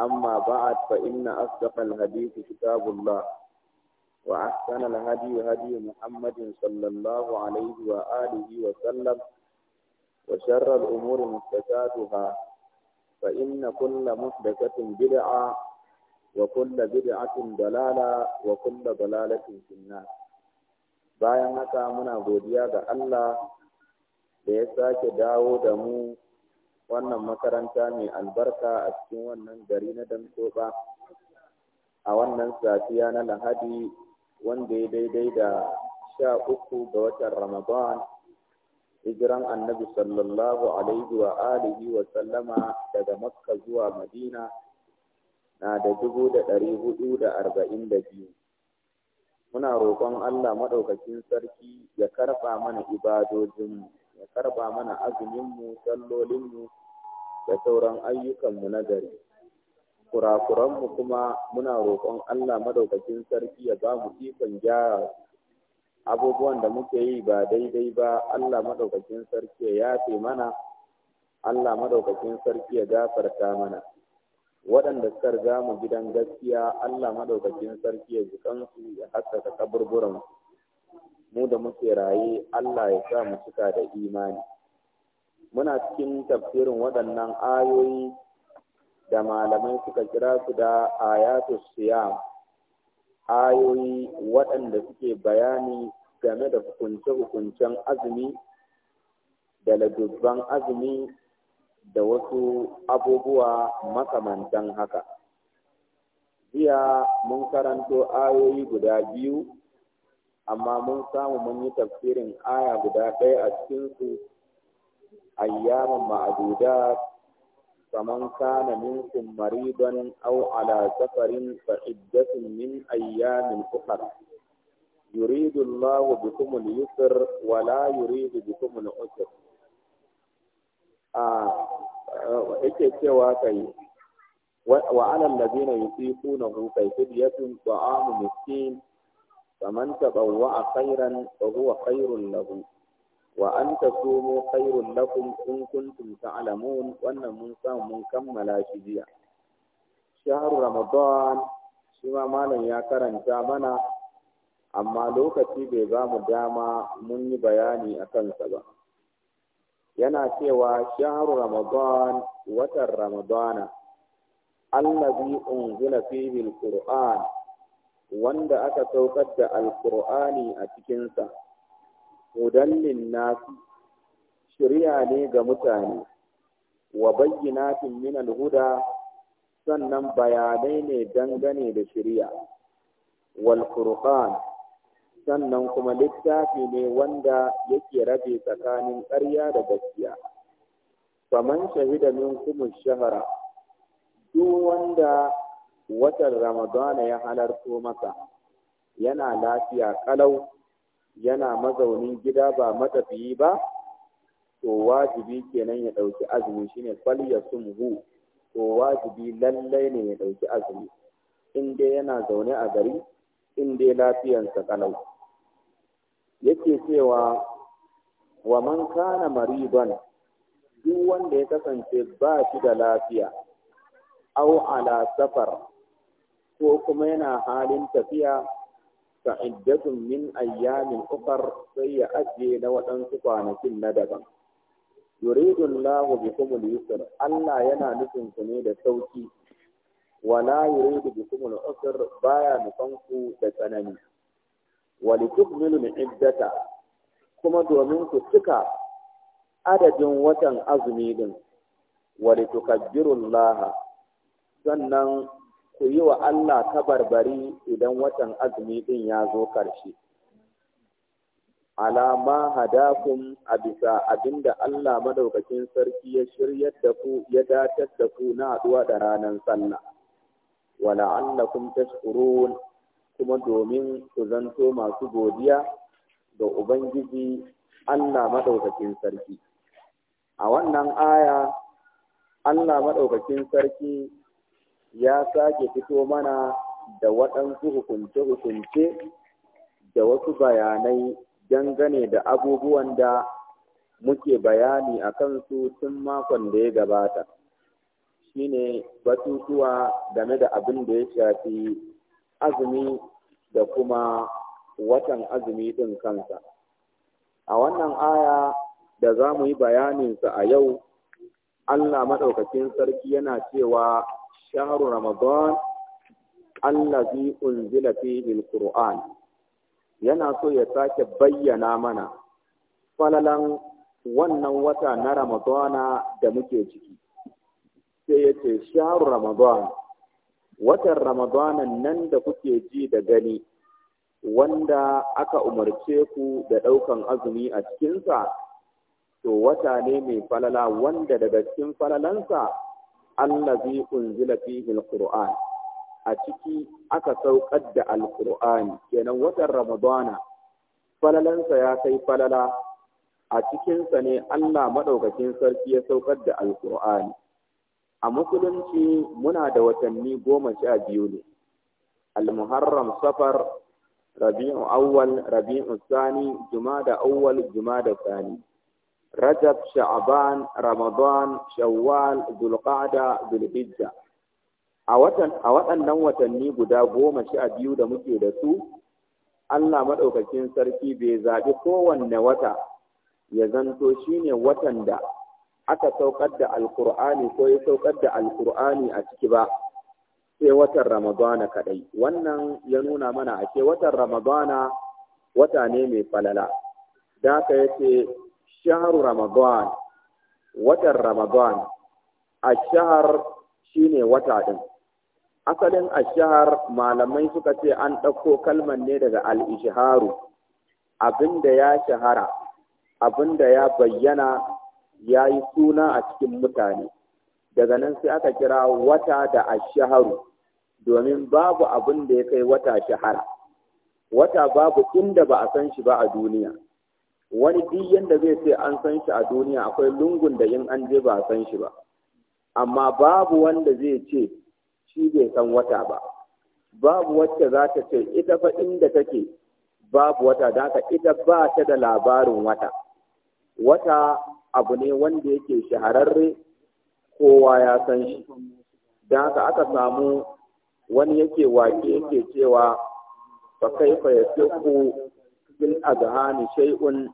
أما بعد فإن أصدق الحديث كتاب الله وأحسن الهدي هدي محمد صلى الله عليه وآله وسلم وشر الأمور محدثاتها فإن كل محدثة بدعة وكل بدعة ضلالة وكل ضلالة في النار bayan haka muna godiya ga Allah da ya sake dawo da mu wannan makaranta mai albarka a cikin wannan gari na damtoba a wannan safiya na lahadi wanda ya daidai da sha uku ga watan ramadan hijiran annabi sallallahu alaihi wa alihi wa sallama daga makka zuwa madina na da dubu da ɗari hudu da arba'in da biyu muna roƙon allah maɗaukakin sarki ya karɓa mana ibadojinmu ya karba mana azuminmu sallolinmu da sauran ayyukanmu na gari kurakuranmu kuma muna roƙon Allah madaukakin sarki ya ba mu ikon gyara abubuwan da muke yi ba daidai ba Allah madaukakin sarki ya yafe mana Allah madaukakin sarki ya gafarta mana waɗanda suka riga mu gidan gaskiya Allah madaukakin sarki ya jikansu ya haskaka kaburburansu mu da muke raye Allah ya sa mu cika da imani muna cikin tafsirin waɗannan ayoyi da malamai suka kira su da ayatu siyam ayoyi waɗanda suke bayani game da hukunce-hukuncen azumi da ladubban azumi da wasu abubuwa makamantan haka. Jiya mun karanto ayoyi guda biyu amma mun samu mun yi tafsirin aya guda ɗaya a cikinsu ayyaman ma'aduda فمن كان منكم مريضا أو على سفر فعدة من أيام أخرى يريد الله بكم اليسر ولا يريد بكم a yake cewa kai wa alal ladina yusifunahu kai fidyatun ta'amu miskin فمن تطوع خيرا فهو خير له وأن تصوموا خير لكم إن كنتم تعلمون وأن موسى مكمل شجيع شهر رمضان شما مالا يا كرن تامنا أما لوكتي بيبام داما مني بياني أكن سبا ينا cewa شهر رمضان وتر رمضان الذي unzila فيه alquran wanda aka saukar da alkur'ani a cikinsa hudallin nasu shirya ne ga mutane wa bayyinatin min alhuda sannan bayanai ne dangane da shirya wal furqan sannan kuma littafi ne wanda yake rabe tsakanin ƙarya da gaskiya faman shahida min kuma shahara duk wanda watan ramadana ya halarto masa yana lafiya kalau yana mazaunin gida ba matafiyi ba to wajibi kenan ya ɗauki azumi shine fal ya sumhu to wajibi lallai ne ya ɗauki azumi in yana zaune a gari in dai lafiyansa kalau yake cewa wa man kana mariban duk wanda ya kasance ba shi da lafiya au ala safar ko kuma yana halin tafiya ta iddatun min ayyamin ukar sai ya ajiye na waɗansu kwanakin na daban yuridu Allahu bi kumul yusr Allah yana nufin ku ne da sauki wala yuridu bi kumul usr baya nufan ku da tsanani walitukmilu iddata kuma domin ku cika adadin watan azumi din walitukabbirullaha sannan ku yi wa Allah bari idan watan azumi ɗin ya zo ƙarshe. Alama hadakun a bisa abinda Allah madaukakin sarki ya shirya da ku ya datar da ku na haɗuwa da ranar sallah. Wala allakum tashkurun kuma domin ku zanto masu godiya da Ubangiji Allah madaukakin sarki. A wannan aya, Allah madaukakin sarki ya sake fito mana da waɗansu hukunce-hukunce da wasu bayanai dangane da abubuwan da muke bayani a kansu tun makon da ya gabata shine batutuwa game da abin da ya shafi azumi da kuma watan azumi ɗin kansa a wannan aya da za mu yi bayaninsa a yau Allah Maɗaukacin sarki yana cewa شهر رمضان الذي أنزل فيه القرآن yana so ya sake bayyana mana falalan wannan wata na ramadana da muke ciki sai ya ce sharu ramadan watan Ramadan nan da kuke ji da gani wanda aka umarce ku da ɗaukan azumi a cikinsa to wata ne mai falala wanda daga cikin falalansa allazi unzila fihi alquran a ciki aka saukar da alqur'ani kenan watan ramadana falalansa ya kai falala a cikinsa ne Allah madaukakin sarki ya saukar da alqur'ani a musulunci muna da watanni goma sha biyu ne almuharram safar rabi'u awwal rabi'u sani jumada awwal jumada sani Rajab, Sha'aban, Ramadan, Shawwal, Zulqa'da, Zulhijja. A waɗannan watanni guda goma sha biyu da muke da su, Allah maɗaukakin sarki bai zaɓi kowanne wata ya zanto shine watan da aka saukar da alkur'ani ko ya saukar da alkur'ani a ciki ba sai watan ramadana kaɗai. wannan ya nuna mana a watan ramadana wata ne mai falala da aka yace shaharu ramadan watan ramadan ashahar wata ɗin. asalin ashahar malamai suka ce an ɗauko kalman ne daga al-ishharu abinda ya shahara abinda ya bayyana ya yi suna a cikin mutane daga nan sai aka kira wata da ashaharu domin babu abin da ya kai wata shahara wata babu inda ba a san shi ba a duniya wani diyan da zai ce an san shi a duniya akwai lungun da in an je ba a san shi ba amma babu wanda zai ce shi bai san wata ba babu wacce za ta ce ita fa inda take babu wata da haka ita ba ta da labarin wata wata abu ne wanda yake shahararre kowa ya san shi da haka aka samu wani yake wake yake cewa fa ya ku fil azhani shay'un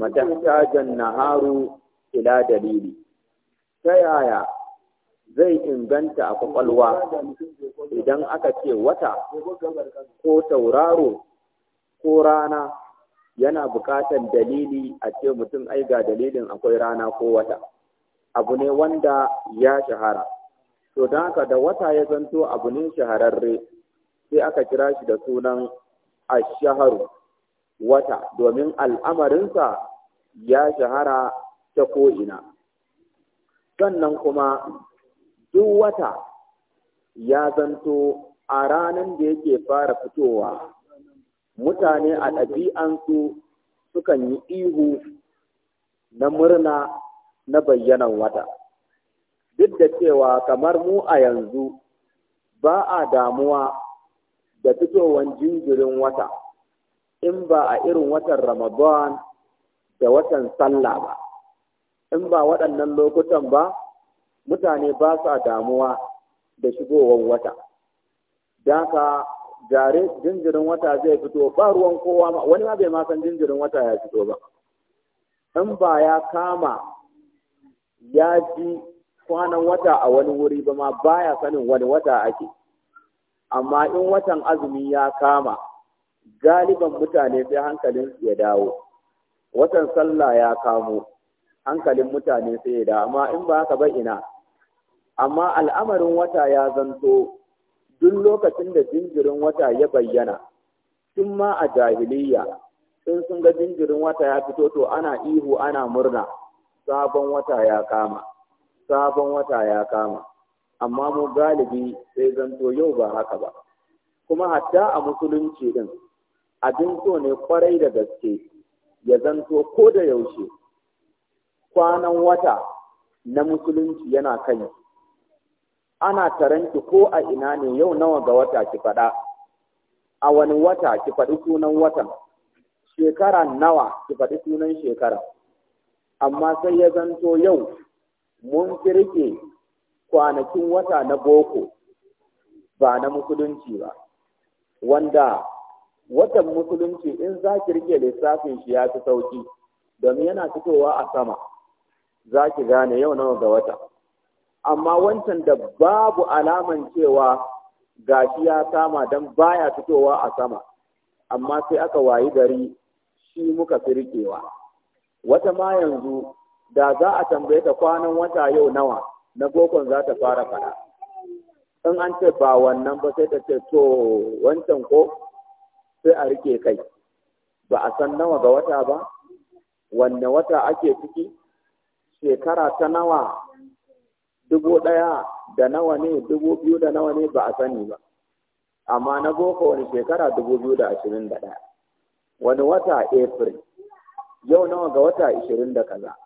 matahtajan naharu ila dalili ta yaya zai inganta a kwakwalwa idan aka ce wata ko tauraro ko rana yana buƙatar dalili a ce mutum ai dalilin akwai rana ko wata abu ne wanda ya shahara to don haka da wata ya zanto abu ne shahararre sai aka kira shi da sunan ashaharu wata domin al'amarinsa ya shahara ta ko'ina sannan kuma duk wata ya zanto a ranar da yake fara fitowa mutane a ɗabi'ansu sukan yi ihu na murna na bayyanan wata duk da cewa kamar mu a yanzu ba a damuwa da fitowar jinjirin wata in ba a irin watan ramadan da watan sallah ba in ba waɗannan lokutan ba mutane ba sa damuwa da shigowar wata daka jare jinjirin wata zai fito ba ruwan kowa ma wani ma bai ma san jinjirin wata ya fito ba in ba ya kama ya ji kwanan wata a wani wuri ba ma baya sanin wani wata ake amma in watan azumi ya kama galiban mutane sai hankalinsu ya dawo watan sallah ya kamo hankalin mutane sai da amma in ba haka ba ina amma al'amarin wata ya zanto duk lokacin da jinjirin wata ya bayyana tun ma a jahiliya in sun ga jinjirin wata ya fito to ana ihu ana murna sabon wata ya kama sabon wata ya kama amma mu galibi sai zanto yau ba haka ba kuma hatta a musulunci din abin so ne kwarai da gaske ya zanto ko da yaushe kwanan wata na musulunci yana kai, ana taranki ko a ina ne yau nawa ga wata ki faɗa a wani wata ki faɗi sunan watan shekara nawa ki faɗi sunan shekara amma sai ya zanto yau mun kirke kwanakin wata na boko ba na musulunci ba wanda watan musulunci in za ki rike lissafin shi ya fi sauki domin yana fitowa a sama za ki gane yau nawa ga wata amma wancan da babu alaman cewa gashi ya kama don baya fitowa a sama amma sai aka wayi gari shi muka fi rikewa wata ma yanzu da za a tambaye ta kwanan wata yau nawa na gokon za ta fara fara in an ce ba wannan ba sai ta ce to wancan ko sai a rike kai ba a san nawa ga wata ba wanne wata ake ciki shekara ta nawa dubu ɗaya da nawa ne dubu biyu da nawa ne ba a sani ba amma na boko wani shekara dubu biyu da ashirin da ɗaya wani wata april yau nawa ga wata ashirin da kaza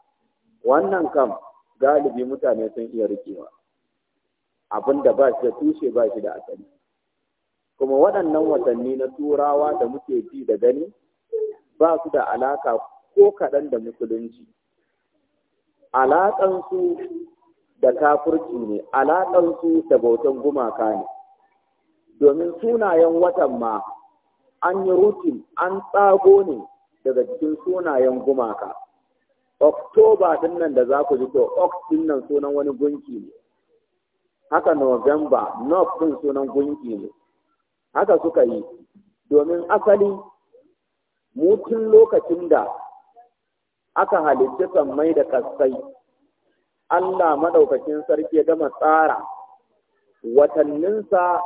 wannan kam galibi mutane sun iya rikewa abin da ba shi da tushe ba shi da asali kuma waɗannan watanni na turawa da muke ji da gani ba su da alaka ko kaɗan da musulunci alaƙansu da kafurci ne alaƙansu da bautan gumaka ne domin sunayen watan ma an yi rutin an tsago ne daga cikin sunayen gumaka oktoba din nan da za ku ji to ox din sunan wani gunki ne haka november nof din sunan gunki ne haka suka yi domin asali tun lokacin da aka halicci sammai da kasai Allah maɗaukacin sarki ya gama tsara watanninsa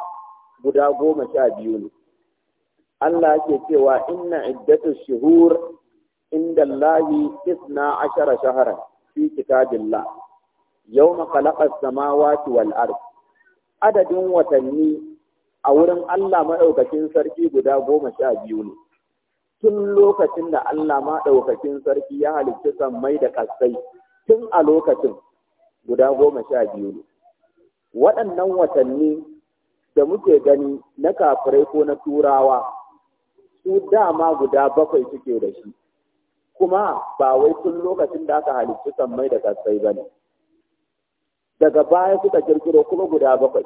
guda goma sha biyu ne Allah ke cewa inna iddatu shuhur inda Allahi isna ashara shahara fi kitabillah yawma khalaqa samawati wal ard adadin watanni a wurin Allah maɗaukakin sarki guda goma sha biyu ne. Tun lokacin da Allah maɗaukakin sarki ya halicci sammai da ƙasai, tun a lokacin guda goma sha biyu ne. Waɗannan watanni da muke gani na kafirai ko na turawa, su dama guda bakwai suke da shi, kuma ba wai tun lokacin da aka halicci sammai da ƙasai ba ne. Daga baya suka kirkiro kuma guda bakwai.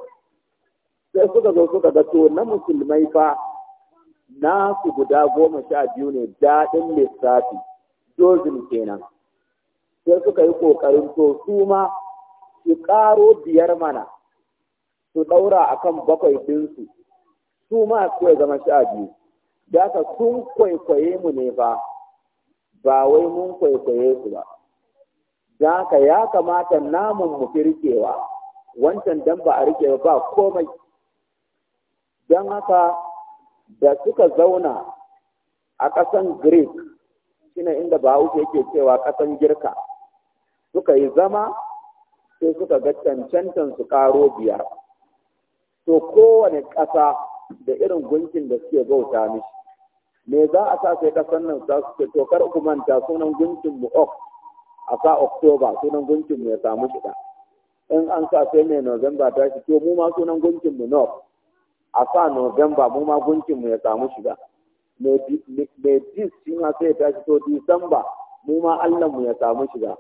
sai suka zo suka ga to na musulmai fa nasu guda goma sha biyu ne daɗin lissafi dozin kenan sai suka yi ƙoƙarin to su ma su ƙaro biyar mana su ɗaura a kan bakwai ɗinsu su ma su zama sha biyu da ka sun kwaikwaye mu ne ba ba wai mun kwaikwaye su ba da ka ya kamata namun mu firkewa wancan dan ba a riƙe ba komai don haka da suka zauna a ƙasan greek shine inda bahaushe yake cewa ƙasan girka suka yi zama sai suka ga cancantan su ƙaro biyar to kowane ƙasa da irin gunkin da suke bauta mishi me za a sa sai ƙasan nan za su ce to kar ku manta sunan gunkin mu ok a sa oktoba sunan gunkin mu ya samu shida in an sa sai mai november ta shi to mu ma sunan gunkin mu nok a sa November mu ma gunkin mu ya samu shiga mai dis shi ma sai ta fito Disamba mu ma Allah mu ya samu shiga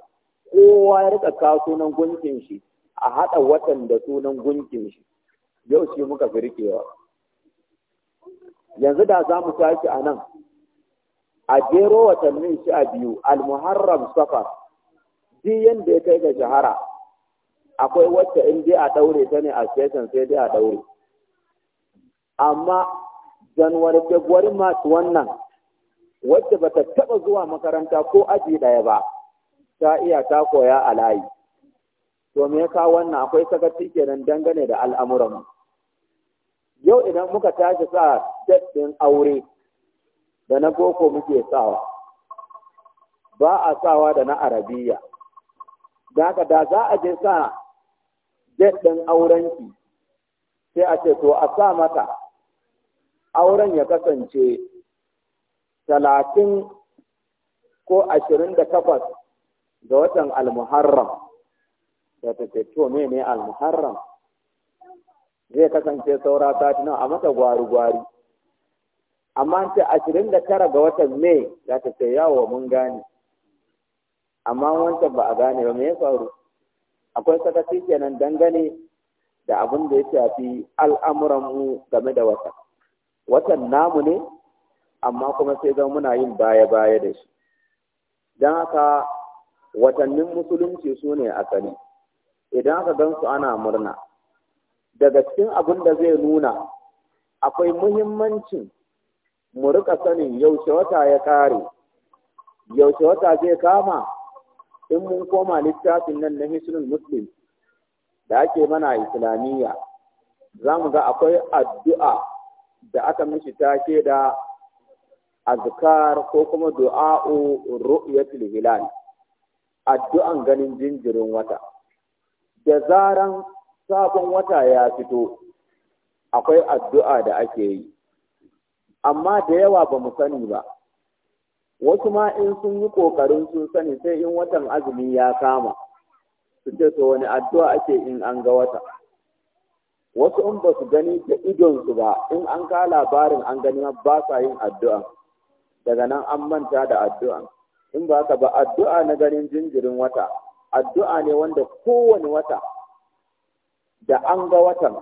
kowa ya rika kawo sunan gunkin shi a haɗa watan da sunan gunkin shi yau shi muka fi rikewa yanzu da za mu tashi a nan a jero watannin sha biyu almuharram safar duk yanda ya kai ga shahara akwai wacce in dai a ɗaure ta ne a station sai dai a ɗaure amma Januwar February March wannan wacce ba ta taɓa zuwa makaranta ko aji ɗaya ba ta iya ta koya a layi. To me ka wannan akwai sakaci kenan dangane da al'amuranmu. Yau idan muka tashi sa daɗin aure da na boko muke sawa, ba a sawa da na arabiya. Da da za a je sa ɗin aurenki sai a ce to a sa mata auren ya kasance talatin ko ashirin da takwas ga watan almuharram da ta ce to mene almuharram zai kasance saura sati nan a mata gwari-gwari amma ce ashirin da tara ga watan mai za ta ce yawo mun gane amma wancan ba a gane ba me ya faru akwai sakaci kenan dangane da abin da ya shafi al'amuranmu game da wata watan namu ne amma kuma sai zan muna yin baya-baya da shi don haka watannin musulunci su ne asali idan aka gan su ana murna daga cikin abin da zai nuna akwai muhimmancin mu rika sanin yaushe wata ya kare yaushe wata zai kama in mun koma littafin nan na hisnul muslim da ake mana islamiyya za mu ga akwai addu'a da aka mishi take da azkar ko kuma du'a'u ru'yatul hilal addu'an ganin jinjirin wata da zaran sabon wata ya fito akwai addu'a da ake yi amma da yawa ba mu sani ba wasu ma in sun yi kokarin sun sani sai in watan azumi ya kama su ce to wani addu'a ake in an ga wata wasu in ba su gani da idonsu ba in an ka labarin an gani ba sa yin addu'a daga nan an manta da addu'a in ba ka ba addu'a na ganin jinjirin wata addu'a ne wanda kowane wata da an ga watan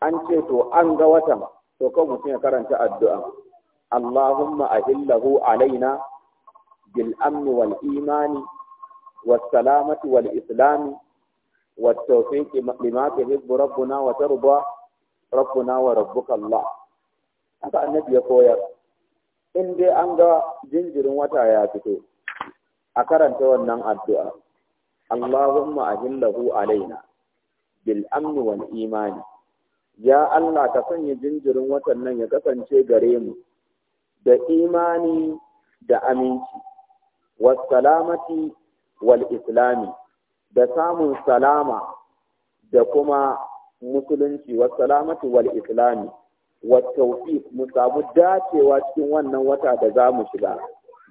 an ce to an ga watan to kan mutum ya karanta addu'a Allahumma ahillahu alaina bil amni wal imani was salamati wal islami والتوفيق لما تحب ربنا وترضى ربنا وربك الله haka annabi ya koyar in dai an ga jinjirin wata ya fito a karanta wannan addu'a Allahumma ahillahu alaina bil amni wal imani ya Allah ka sanya jinjirin watan nan ya kasance gare mu da imani da aminci Wa salamati wal islami da samun salama da kuma musulunci wa salamatu wal islami wa tawfiq mu samu dacewa cikin wannan wata da za mu shiga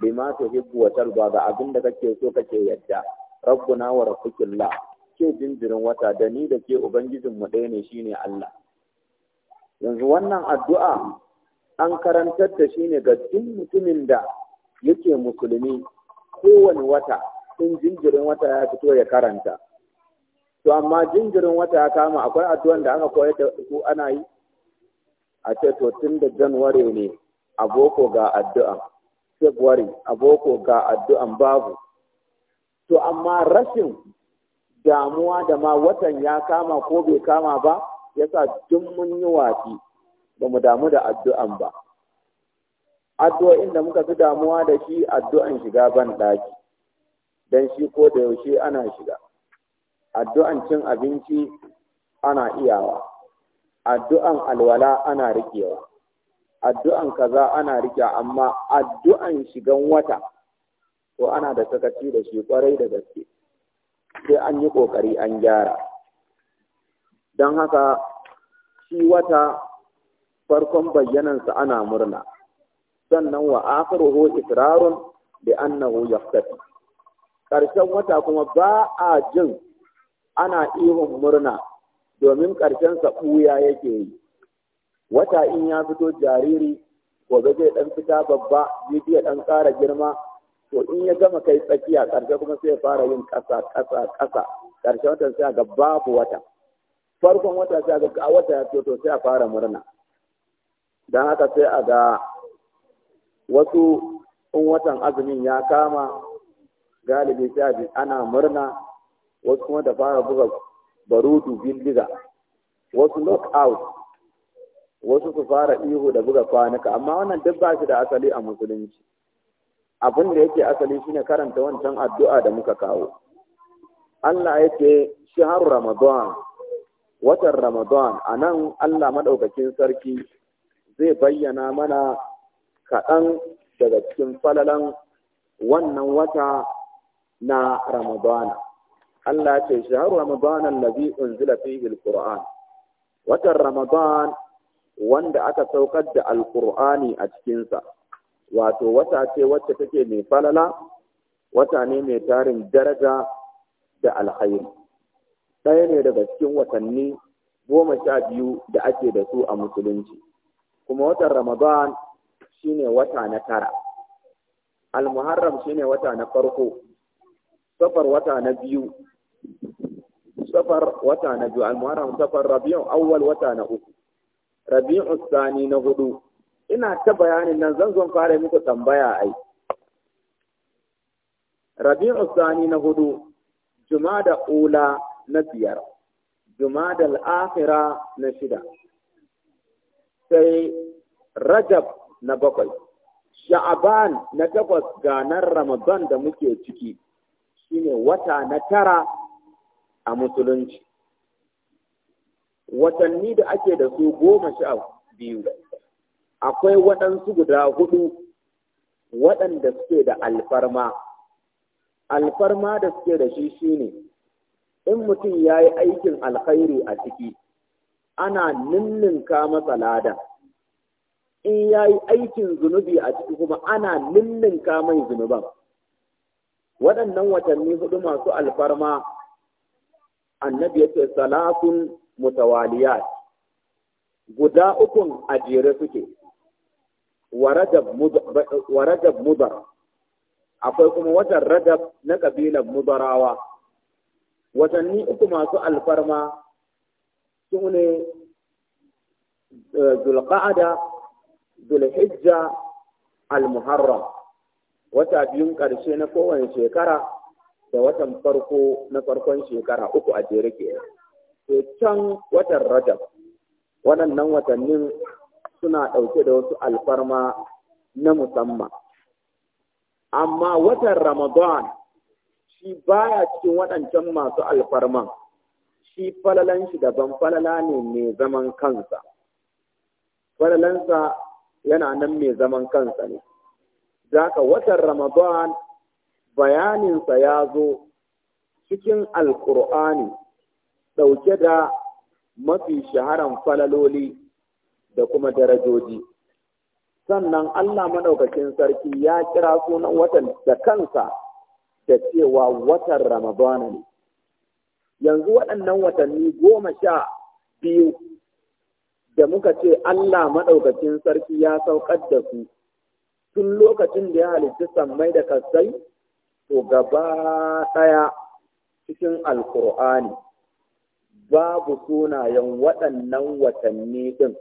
bima Hibbu wa Talba, ga abin da kake so kake yadda rabbuna wa rabbukillah ke jinjirin wata da ni da ke ubangijin mu ɗaya ne shine Allah yanzu wannan addu'a an karantar da shi ne ga duk mutumin da yake musulmi kowane wata in jinjirin wata ya fito ya karanta to amma jinjirin wata ya kama akwai addu'an da aka koyar da su ana yi a ce to tun da january ne a ga addu'an february a ga addu'an babu to amma rashin damuwa da ma watan ya kama ko bai kama ba yasa duk mun yi watsi ba mu damu da addu'an ba addu'o'in da muka fi damuwa da shi addu'an shiga ban ɗaki dan shi ko da yaushe ana shiga addu'an cin abinci ana iyawa addu'an alwala ana rikewa addu'an kaza ana rike amma addu'an shigan wata to ana da sakaci da shi kwarai da gaske sai an yi kokari an gyara don haka shi wata farkon bayyanansa ana murna sannan wa akhiruhu israrun bi annahu yaftafi ƙarshen wata kuma ba a jin ana ihun murna domin sa ɓuya yake yi wata in ya fito jariri gobe zai ɗan fita babba jibi ya ɗan ƙara girma to in ya gama kai tsakiya ƙarshe kuma sai ya fara yin ƙasa ƙasa ƙasa ƙarshen watan sai ga babu wata farkon wata sai ga ga wata ya to sai a fara murna don haka sai a ga wasu in watan azumin ya kama galibi sai ana murna wasu kuma da fara buga barudu bindiga wasu out wasu su fara ihu da buga kwanuka amma wannan duk ba shi da asali a musulunci abin da yake asali shine karanta wancan addu'a da muka kawo Allah yake shahar Ramadan watan Ramadan a nan Allah maɗaukacin sarki zai bayyana mana kaɗan daga cikin falalan wannan wata na Ramadana. Allah ce shahar Ramadana allazi unzila fihi alquran. Watan Ramadan wanda aka saukar da al Al-Qur'ani a cikinsa. Wato wata ce wacce take mai falala, wata ne mai tarin daraja da alhairi Ɗaya ne daga cikin watanni goma sha biyu da ake da su a musulunci. Kuma watan Ramadan shine wata na tara. Al-Muharram shine wata na farko safar wata na biyu safar wata na biyu al safar rabi'u awwal wata na uku rabi'u sani na hudu ina ta bayanin nan zan zon fara muku tambaya ai rabi'u sani na hudu jumada ula na biyar jumada al-akhira na shida sai rajab na bakwai sha'aban na takwas ganar ramadan da muke ciki ne wata na tara a musulunci watanni da ake da su goma sha biyu akwai waɗansu guda hudu waɗanda suke da alfarma alfarma da suke da shi shi ne in mutum ya yi aikin alkhairi a ciki ana ninninka masa lada in ya yi aikin zunubi a ciki kuma ana ninninka mai zunuban waɗannan watanni hudu masu alfarma annabi ya ce salatun mutawaliyat guda ukun a jere suke wa rajab mudar akwai kuma watan rajab na ƙabilar mudarawa watanni uku masu alfarma su ne eh, zulqa'ada zulhijja al-muharram wata biyun ƙarshe na kowane shekara da watan farko na farkon shekara uku a jere kenan to can watan rajab waɗannan watannin suna ɗauke da wasu alfarma na musamman amma watan ramadan shi baya cikin waɗancan masu alfarman shi falalan shi daban falala ne mai zaman kansa falalansa yana nan mai zaman kansa ne Zaka watan Ramadan bayaninsa ya zo cikin Alƙur'ani ɗauke da mafi shaharan falaloli da kuma darajoji. Sannan Allah maɗaukakin sarki ya kira sunan watan da kansa da cewa watan Ramadan ne. Yanzu waɗannan watanni goma sha biyu da muka ce Allah maɗaukakin sarki ya saukar da su tun lokacin da ya halitta sammai da kasai to gaba ɗaya cikin alkur'ani babu sunayen waɗannan watanni ɗin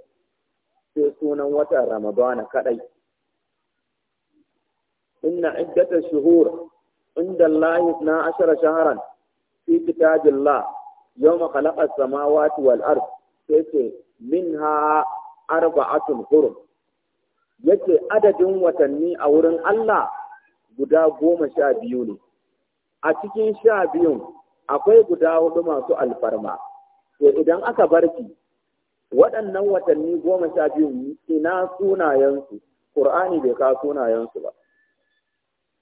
sai sunan watan ramadana kaɗai inna iddata shuhur inda Allah na ashara shaharan fi kitabillah yawma khalaqa samawati wal ard sai ce minha Arba'atun hurum yake adadin watanni a wurin Allah guda goma sha biyu ne a cikin sha biyun akwai guda hudu masu alfarma to idan aka barki waɗannan watanni goma sha biyu ina sunayensu Kur'ani bai ka sunayensu ba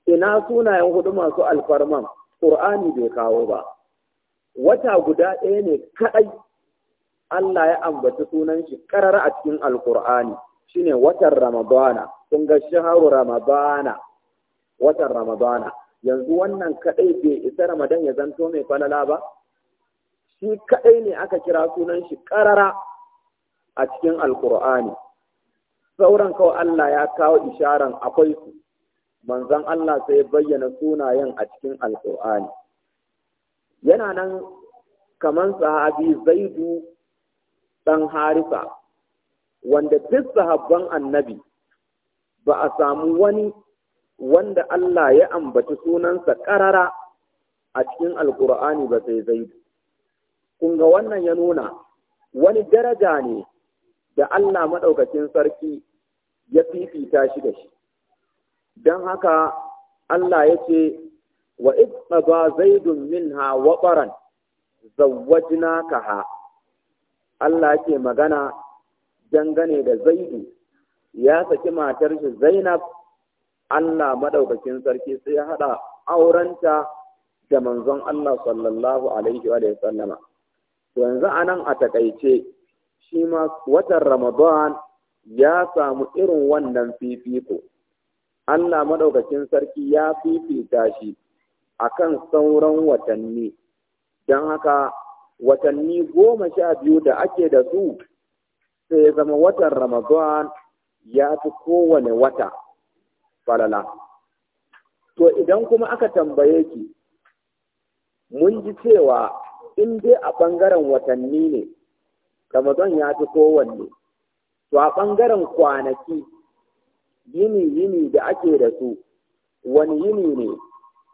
ina sunayen hudu masu alfarman Kur'ani bai kawo ba wata guda ɗaya ne kaɗai Allah ya ambaci sunan shi ƙarar a cikin Alƙur'ani. shine watan ramadana kun ga shaharu ramadana watan ramadana yanzu wannan kadai bai isa ramadan ya zanto mai falala ba shi kadai ne aka kira sunan shi karara a cikin alkur'ani sauran kawai Allah ya kawo isharan akwai su manzon Allah sai ya bayyana sunayen a cikin alkur'ani yana nan kaman sahabi zaidu dan harisa wanda duk sahabban annabi ba a samu wani wanda Allah ya ambaci sunansa ƙarara a cikin alkur'ani ba sai zaidu kun ga wannan ya nuna wani daraja ne da Allah maɗaukacin sarki ya fifita shi da shi don haka Allah ya ce wa ba zaidun minha waɓaran ka ha. Allah ke magana dangane da zaidu ya saki matar shi zainab Allah madaukakin sarki sai ya haɗa aurenta da manzon Allah sallallahu alaihi wa sallama yanzu anan a takaice shi ma watan Ramadan ya samu irin wannan fifiko Allah madaukakin sarki ya fifita shi akan sauran watanni don haka watanni goma sha biyu da ake da su sai ya zama watan Ramadan ya fi kowane wata falala. To idan kuma aka tambaye ki, mun ji cewa in dai a ɓangaren watanni ne, Ramadan ya fi kowanne. To a ɓangaren kwanaki, yini-yini da ake da su, wani yini ne,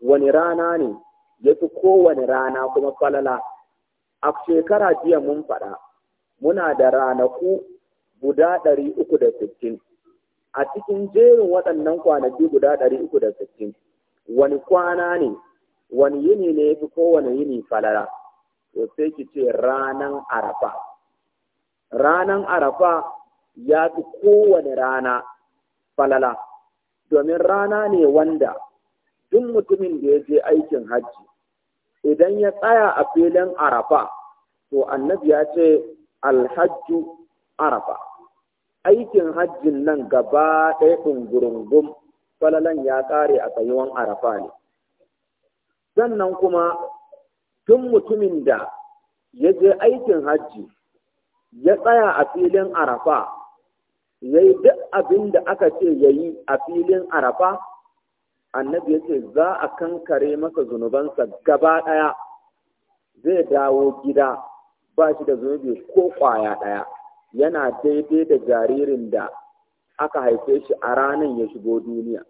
wani rana ne, ya fi kowane rana kuma falala. A shekara jiya mun faɗa. muna da ranaku guda ɗari uku da sittin. A cikin jerin waɗannan kwanaki guda ɗari uku da sittin, wani kwana ne, wani yini ne ya fi kowane yini falala, to sai ki ce ranan arafa. Ranan arafa ya fi kowane rana falala, domin rana ne wanda duk mutumin da ya je aikin hajji, idan ya tsaya a filin arafa, to annabi ya ce alhajju arafa aikin hajjin nan gaba ɗaya ɗungurungum falalan ya ƙare a tsayuwan arafa ne sannan kuma tun mutumin da ya je aikin hajji ya tsaya a filin arafa ya yi duk abin da aka ce ya yi a filin arafa annabi ya ce za a kankare masa zunubansa gaba ɗaya zai dawo gida ba shi da zunubi ko kwaya ɗaya yana daidai da jaririn da aka haife shi a ranar ya shigo duniya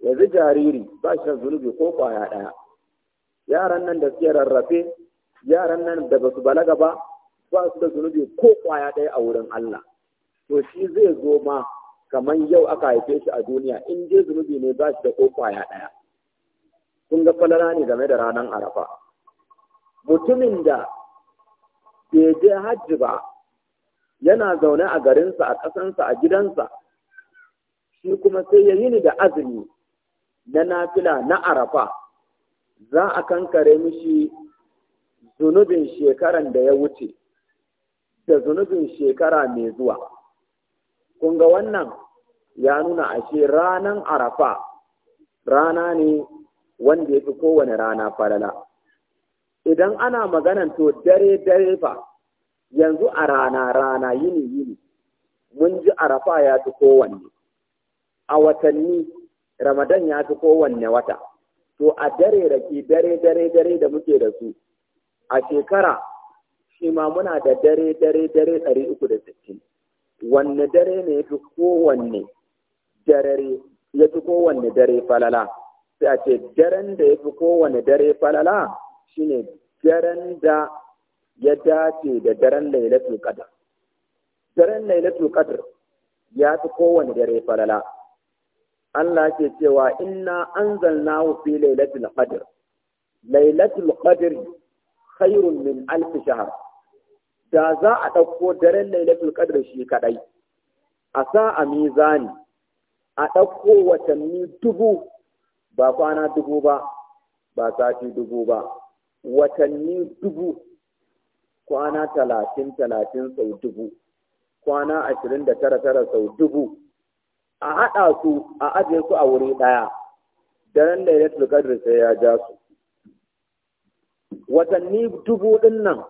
yanzu jariri ba shi da zunubi ko kwaya ɗaya yaran nan da suke rarrafe yaran nan da ba su balaga ba ba su da zunubi ko kwaya ɗaya a wurin Allah to shi zai zo ma kamar yau aka haife shi a duniya in je zunubi ne ba shi da ko kwaya ɗaya kun ga falala ne game da ranar arafa mutumin da bai je hajji ba yana zaune a garinsa a ƙasansa a gidansa shi kuma sai ya yi ni da azumi na nafila na arafa za a kankare mishi zunubin shekaran da ya wuce da zunubin shekara mai zuwa kun ga wannan ya nuna ashe ranan arafa rana ne wanda ya fi kowane rana falala idan ana maganan to dare dare fa yanzu a rana rana yini yini mun ji arafa ya fi kowanne a watanni ramadan ya fi kowanne wata to a dare ke dare dare dare da muke da su a shekara shi ma muna da dare dare dare ɗari uku da sittin wanne dare ne ya fi kowanne dare ya fi kowanne dare falala sai a ce daren da ya fi kowanne dare falala shine daren da ya dace da daren lailatul qadr daren lailatul qadr ya fi kowane dare falala Allah ke cewa inna anzalnahu fi lailatul qadr lailatul qadr khairun min alf shahr da za a ɗauko daren lailatul qadr shi kadai a sa a mizani a ɗauko watanni dubu ba kwana dubu ba ba sati dubu ba watanni dubu kwana talatin talatin sau dubu kwana ashirin da tara tara sau dubu a haɗa su a ajiye su a wuri ɗaya daren lailatul qadr sai ya ja su watanni dubu ɗin nan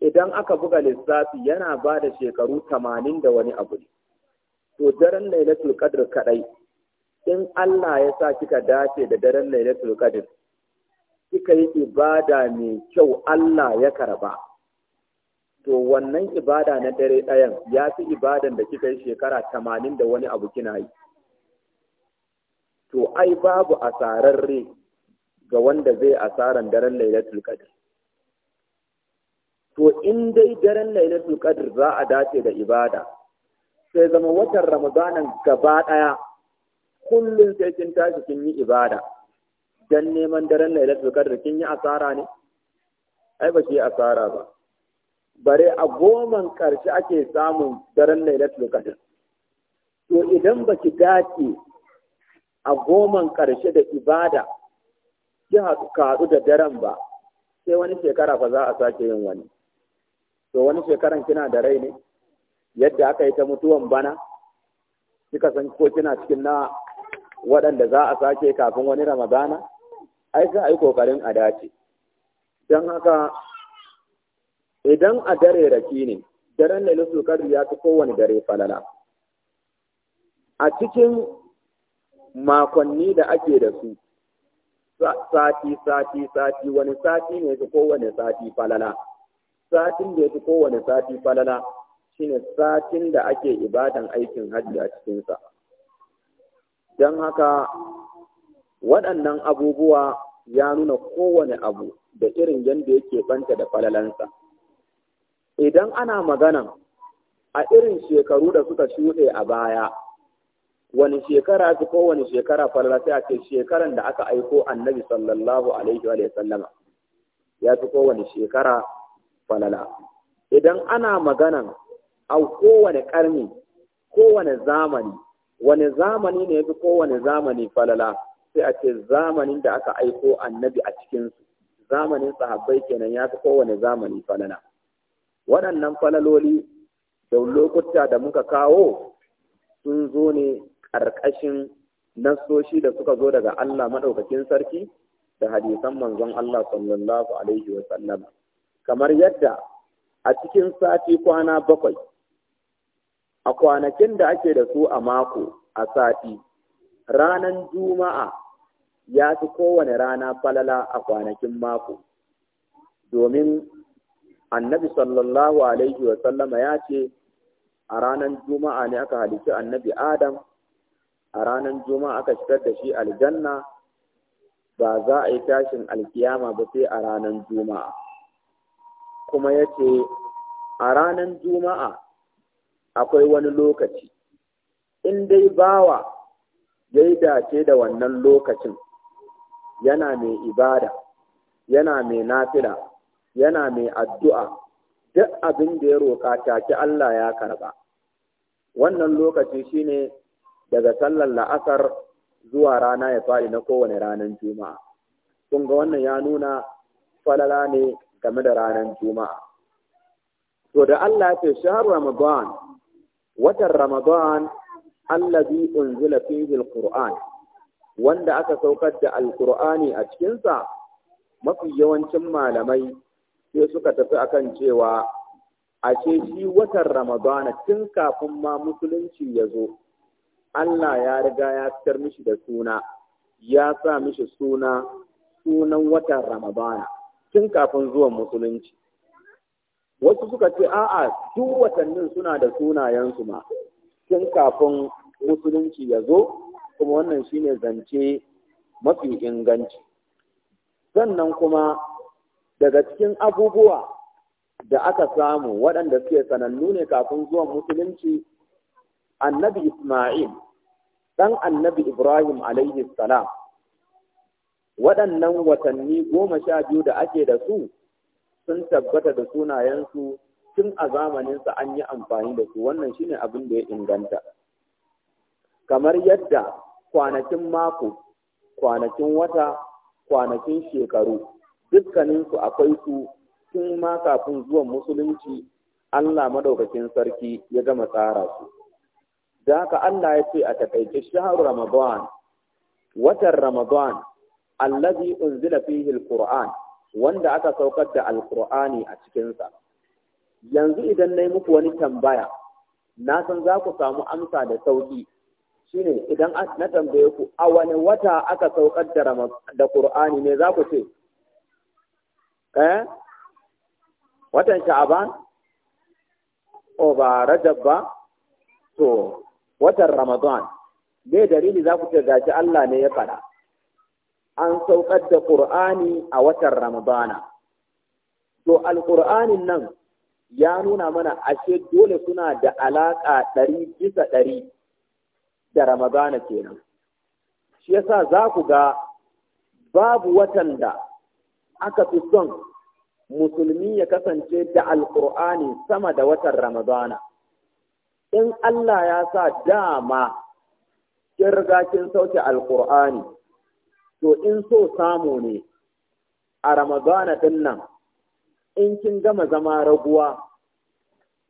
idan aka buga lissafi yana ba da shekaru tamanin da wani abu ne to daren lailatul qadr kaɗai in Allah ya sa kika dace da daren lailatul qadr kika yi ibada mai kyau Allah ya karba to wannan ibada na dare ɗayan ya fi ibadan da kika yi shekara tamanin da wani abu kina yi to ai babu asararre ga wanda zai asaran daren lailatul qadr to in dai daren lailatul qadr za a dace da ibada sai zama watan ramadanan gaba ɗaya kullum sai kin tashi kin yi ibada dan neman daren lailatul qadr kin yi asara ne ai ba ki asara ba bare a goman karshe ake samun daren lailatul qadr to idan ba ki dace a goman karshe da ibada ki haɗu da daren ba sai wani shekara fa za a sake yin wani to wani shekaran kina da rai ne yadda aka yi ta mutuwan bana kika san ko kina cikin na waɗanda za a sake kafin wani ramadana ai za a yi ƙoƙarin a dace don haka idan a dare raki ne daren lailatul qadr ya fi kowane dare falala a cikin makonni da ake da su sati sati sati wani sati ne fi kowane sati falala satin da ya fi kowane sati falala shine satin da ake ibadan aikin hajji a cikinsa don haka waɗannan abubuwa ya nuna kowane abu da irin yadda yake banta da falalansa idan ana magana a irin shekaru da suka shuɗe a baya wani shekara su ko wani shekara falala sai a ce shekaran da aka aiko annabi sallallahu alaihi wa sallama ya fi kowane shekara falala idan ana magana a kowane ƙarni kowane zamani wani zamani ne ya fi kowane zamani falala sai a ce zamanin da aka aiko annabi a cikinsu zamanin sahabbai kenan ya fi kowane zamani falala waɗannan falaloli da lokuta da muka kawo sun zo ne ƙarƙashin nasoshi da suka zo daga Allah maɗaukakin sarki da hadisan manzon Allah sallallahu alaihi wa kamar yadda a cikin sati kwana bakwai a kwanakin da ake da su a mako a sati ranan juma'a ya fi kowane rana falala a kwanakin mako domin annabi sallallahu alaihi wa sallama ya ce a ranar juma'a ne aka halici annabi adam a ranar juma'a aka shigar da shi aljanna ba za a yi tashin alkiyama ba sai a ranar juma'a kuma ya ce a ranar juma'a akwai wani lokaci in dai bawa ya yi dace da wannan lokacin yana mai ibada yana mai nafila yana mai addu'a duk abin da ya roƙa take Allah ya karɓa wannan lokaci shine daga sallar la'asar zuwa rana ya faɗi na kowane ranar juma'a kun ga wannan ya nuna falala ne game da ranar juma'a to da Allah ya ce shahar ramadan watan ramadan allazi unzila fihi alquran wanda aka saukar da alkur'ani a cikinsa mafi yawancin malamai sai suka tafi akan cewa ashe shi watan ramadana tun kafin ma musulunci ya zo Allah ya riga ya fitar mishi da suna ya sa mishi suna sunan watan ramadana tun kafin zuwan musulunci wasu suka ce a'a duk watannin suna da sunayensu ma tun kafin musulunci ya zo kuma wannan ne zance mafi inganci sannan kuma daga cikin abubuwa da aka samu waɗanda suke sanannu ne kafin zuwan musulunci annabi Ismail ɗan annabi Ibrahim alaihi salam waɗannan watanni goma sha biyu da ake da su sun tabbata da sunayensu tun a zamaninsa an yi amfani da su wannan shi ne abin da ya inganta kamar yadda kwanakin mako kwanakin wata kwanakin shekaru dukkaninsu akwai su tun ma kafin zuwan musulunci Allah madaukakin sarki ya gama tsara su da haka Allah ya ce a takaice shahar Ramadan watan Ramadan allazi unzila fihi Kur'an, wanda aka saukar da alkur'ani a cikinsa. yanzu idan na yi muku wani tambaya na san za ku samu amsa da sauki shine idan na tambaye ku a wani wata aka saukar da da Qur'ani ne za ku ce eh watan Sha'aban o ba Rajab ba to watan Ramadan me dalili za ku ce gashi Allah ne ya faɗa an saukar da Qur'ani a watan Ramadana to alƙur'anin nan ya nuna mana ashe dole suna da alaƙa ɗari bisa ɗari da Ramadana kenan. Shi yasa za ku ga babu watan da aka fi son musulmi ya kasance da alkur'ani sama da watan Ramadana. In Allah ya sa dama kin riga kin sauke alkur'ani, to in so samu ne a Ramadana din nan, in kin gama zama raguwa,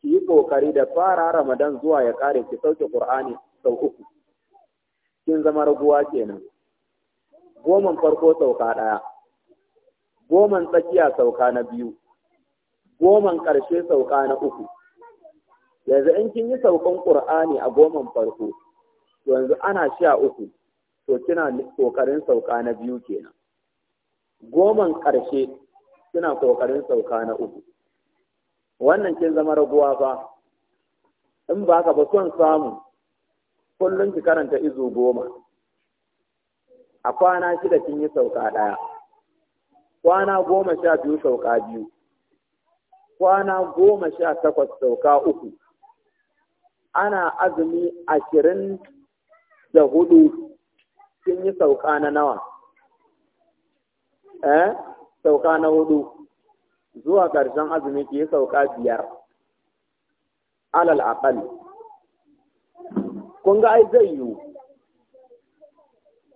ki yi ƙoƙari da fara Ramadan zuwa ya ƙare ki sauke Ƙur'ani sau uku kin zama raguwa kenan goman farko sauka ɗaya goman tsakiya sauka na biyu goman ƙarshe sauka na uku yanzu in kin yi saukan ƙur'ani a goman farko yanzu ana sha uku to kina ƙoƙarin sauka na biyu kenan goman ƙarshe kina ƙoƙarin sauka na uku wannan kin zama raguwa ba in ba ka ba son samu kullum ki karanta izu goma a kwana shida kin yi sauka ɗaya kwana goma sha biyu sauka biyu kwana goma sha takwas sauka uku ana azumi ashirin da hudu kin yi sauka na nawa eh sauka na hudu zuwa ƙarshen azumi ki yi sauka biyar alal aqal kun ga ai zai yiwu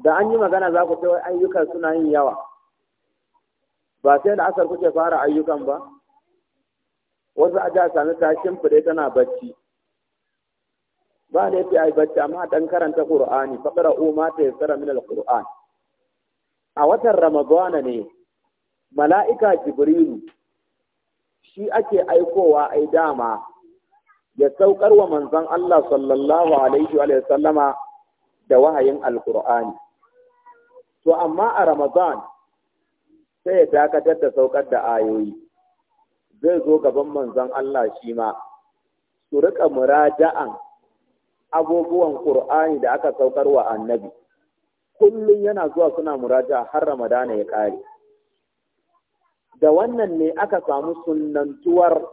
da an yi magana za ku ce wai ayyukan suna yin yawa ba sai da asar kuke fara ayyukan ba wasu a sami ta shimfide tana bacci ba da yafi ai bacci amma dan karanta qur'ani faqra u ma tayassara min alqur'an a watan ramadana ne mala'ika jibrilu shi ake aikowa ai dama ya saukar wa manzon Allah sallallahu alaihi wa sallama da wahayin alkur'ani to amma a ramadan sai ya dakatar da saukar da ayoyi zai zo gaban manzon Allah shi ma su rika muraja'an abubuwan qur'ani da aka saukar wa annabi kullum yana zuwa suna muraja'a har ramadana ya kare da wannan ne aka samu sunnantuwar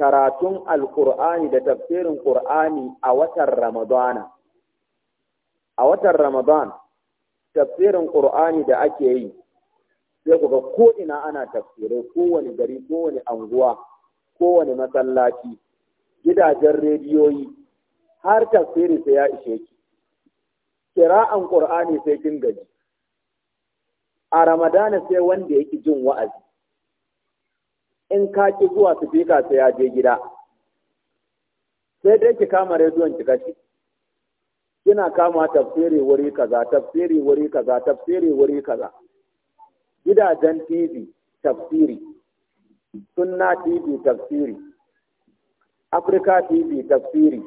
karatun alkur'ani da tafsirin ƙur'ani a watan ramadana a watan ramadan tafsirin ƙur'ani da ake yi sai kuka ko ko'ina ana tafsirai kowane gari kowane anguwa kowane masallaci gidajen rediyoyi har tafsiri sai ya ishe ki kira'an ƙur'ani sai kin gaji a ramadana sai wanda yake jin wa'azi in ka ki zuwa fika sai ya je gida sai dai ki kama rediyon ki kashi kina kama tafsiri wuri kaza tafsiri wuri kaza tafsiri wuri kaza gidajen tv tafsiri sunna tv tafsiri Afirka tv tafsiri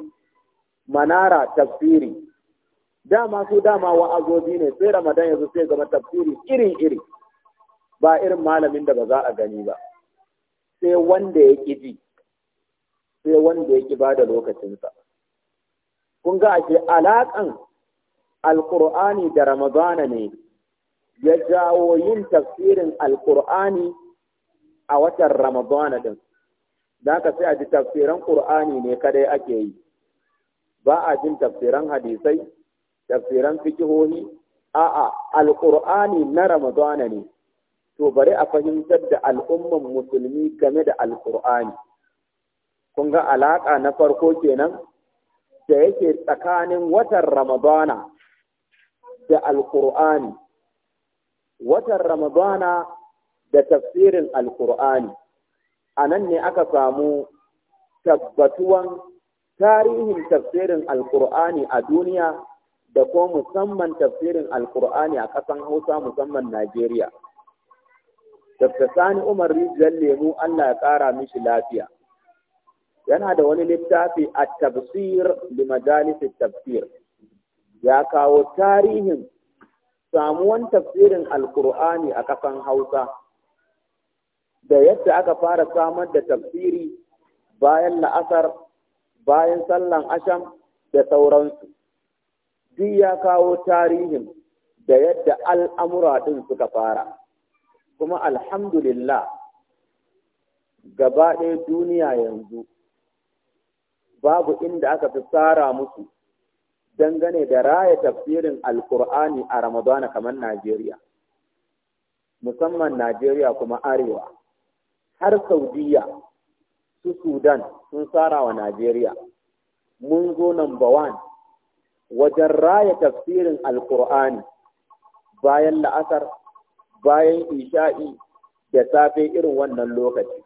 manara tafsiri dama su dama wa'azobi ne sai ramadan yanzu sai zama tafsiri iri-iri ba irin malamin da ba za a gani ba sai wanda ya ƙi bi, sai wanda ya ƙi ba da lokacinsa kun ga ake alaƙan alƙur'ani da ramadana ne ya jawo yin tafsirin alƙur'ani a watan Ramazana din da ka sai a ji tafsiran ƙur'ani ne kadai ake yi ba a jin tafsiran hadisai tafsiran fikihohi a'a alƙur'ani na ramadana ne to bari a fahimtar da al'umman musulmi game da alkur'ani kun ga alaƙa na farko kenan da yake tsakanin watan ramadana da alkur'ani watan ramadana da tafsirin alkur'ani a nan ne aka samu tabbatuwan tarihin tafsirin alkur'ani a duniya da ko musamman tafsirin alkur'ani a ƙasan hausa musamman najeriya Dr. Sani Umar Rijiyar Lemu Allah ya ƙara mishi lafiya. Yana da wani littafi a tafsir da majalisar tafsir. Ya kawo tarihin samuwan tafsirin Alkur'ani a ƙasan Hausa da yadda aka fara samar da tafsiri bayan la'asar, bayan sallan asham da sauransu. Duk ya kawo tarihin da yadda al'amura ɗin suka fara. kuma alhamdulillah gaba ɗaya duniya yanzu babu inda aka fi tsara musu dangane da raya tafsirin alkur'ani a ramadana kamar najeriya musamman najeriya kuma arewa har saudiya su sudan sun tsara wa najeriya mun zo number one wajen raya tafsirin alkur'ani bayan la'asar bayan isha'i da safe irin wannan lokaci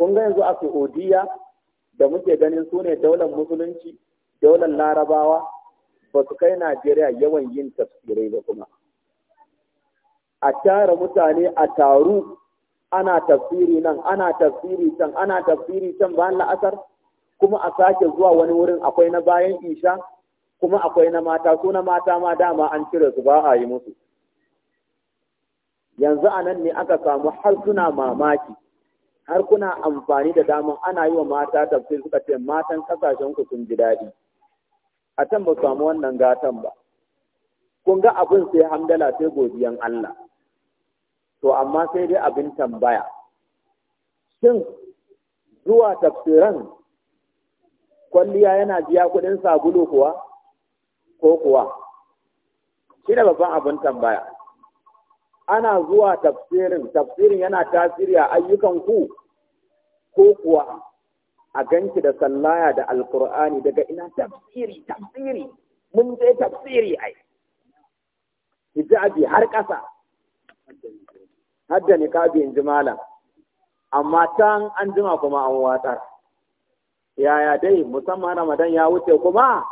kun ga yanzu a saudiya da muke ganin su ne daular musulunci daular larabawa ba su kai najeriya yawan yin tafsirai ba kuma a tara mutane a taru ana tafsiri nan ana tafsiri can ana tafsiri can bayan la'asar kuma a sake zuwa wani wurin akwai na bayan isha kuma akwai na mata Suna mata ma dama an cire su ba a yi musu yanzu a nan ne aka samu har mamaki har kuna amfani da daman ana yi wa mata tafsir suka ce matan kasashen ku sun ji daɗi a can ba samu wannan gatan ba kun ga abin sai hamdala sai godiyan Allah to amma sai dai abin tambaya shin zuwa tafsiran kwalliya yana biya kuɗin sabulu kuwa ko kuwa shi da babban abin tambaya ana zuwa tafsirin tafsirin yana tasiri a ayyukan ku ko kuwa a ganki da sallaya da alkur'ani daga ina tafsiri tafsiri mun je tafsiri ai hijabi har ƙasa hadda niqabi in ji malam amma can an jima kuma an watsar yaya dai musamman ramadan ya wuce kuma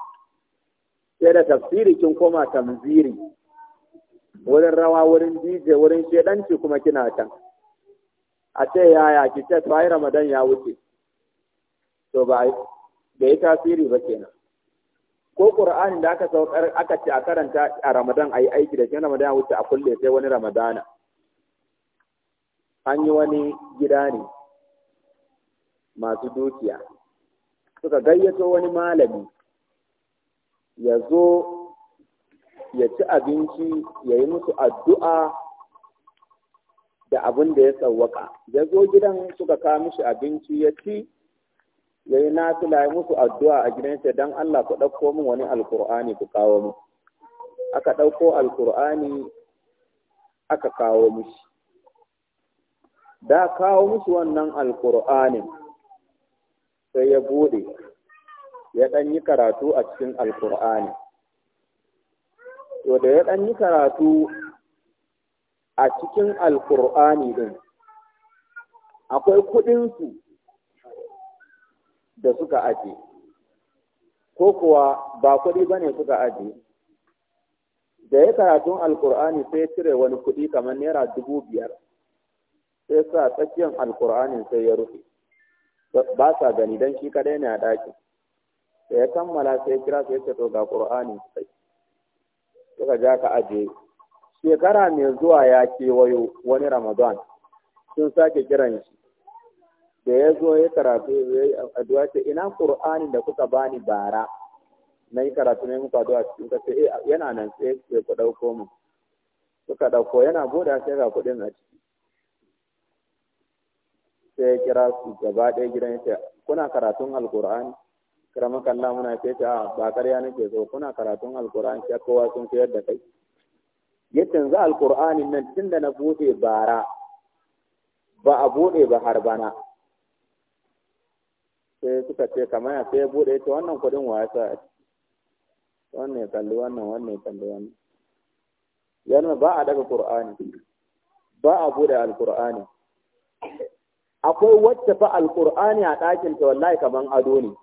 sai da tafsiri kin koma tamziri wurin rawa wurin dije wurin shedanci kuma kina can a ce yaya ki ce tsayi ramadan ya wuce to ba da yi tasiri ba kenan ko qur'anin da aka saukar aka ce a karanta a ramadan ayi aiki da shi ramadan ya wuce a kulle sai wani ramadana an yi wani gida ne masu dukiya suka gayyato wani malami ya zo ya ci abinci ya yi musu addu'a da abin da ya tsawaka ya zo gidan suka kawo mishi abinci ya ci ya yi nafila ya musu addu'a a gidansa don Allah ku ɗauko min wani alkur'ani ku kawo mu aka ɗauko alkur'ani aka kawo mishi da kawo mishi wannan alkur'anin sai ya buɗe ya ɗan yi karatu a cikin alkur'ani to da ya ɗan yi karatu a cikin alkur'ani din akwai kuɗinsu da suka aje ko kuwa ba kuɗi ba ne suka aje da ya karatun alkur'ani sai ya cire wani kuɗi kamar naira dubu biyar sai sa tsakiyar alkur'anin sai ya rufe ba sa gani don shi kadai ne a ɗakin da ya kammala sai kira sai ya ce to ga ƙur'ani sai suka ja ka aje shekara mai zuwa ya kewayo wani ramadan sun sake kiran shi da ya zo ya karatu ya yi addu'a ce ina qur'anin da kuka bani bara na yi karatu ne muku addu'a cikin kasa eh, yana nan sai sai ku dauko mu suka dauko yana goda sai ga kudin a ciki sai ya kira su gaba ɗaya gidan ya ce kuna karatun alqur'ani karamin kalla muna ce ta ah, ba karya nake so kuna karatun alkur'ani sai kowa sun koyar da kai yace za alqur'ani nan tun da na bude bara ba a bude ba har bana sai suka ce kamar ya sai ya bude ta wannan kudin wa ya sa wannan ya kalli wannan wannan ya kalli wannan yana ba a daga qur'ani ba a bude alqur'ani akwai wacce fa alqur'ani a dakin ta wallahi kaman ado ne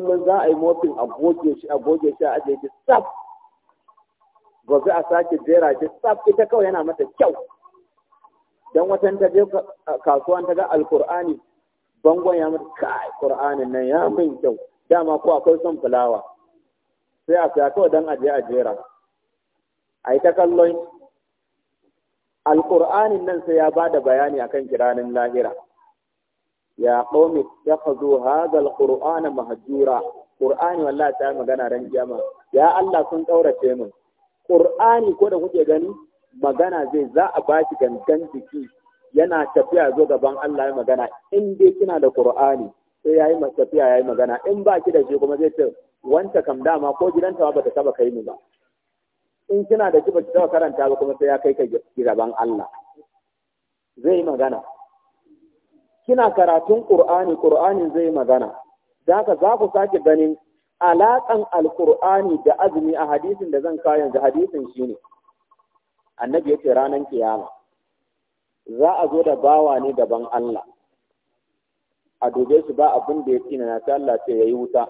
kullum za a yi motsin a goge shi a goge shi a ajiye shi tsaf gobe a sake jera shi tsaf ita kawai yana mata kyau dan watan ta je kasuwan ta ga alkur'ani bangon ya mata kai qur'anin nan ya min kyau dama ko akwai son fulawa sai a saya kawai dan aje a jera a yi ta kallon alkur'anin nan sai ya ba da bayani akan kiranin lahira ya qaumi takhadhu hadha alqur'ana mahjura qur'ani wallahi ta magana ran kiyama ya Allah sun kaurace min? qur'ani ko da kuke gani magana zai za a bashi gangan jiki yana tafiya zo gaban Allah ya magana in dai kina da qur'ani sai yayi tafiya yayi magana in ba ki da shi kuma zai ce wanta kam dama ko gidanta ba ta taba kai ni ba in kina da ki, ba ki taba karanta ba kuma sai ya kai ka gaban Allah zai yi magana kina karatun Qur'ani Kur'ani zai magana zaka za ku sake ganin alaƙan alƙur'ani da azumi a hadisin da zan kawo yanzu hadisin shine annabi yace ranar kiyama za a zo da bawa ne gaban Allah a dube shi ba abin da ya tsina na Allah sai yayi wuta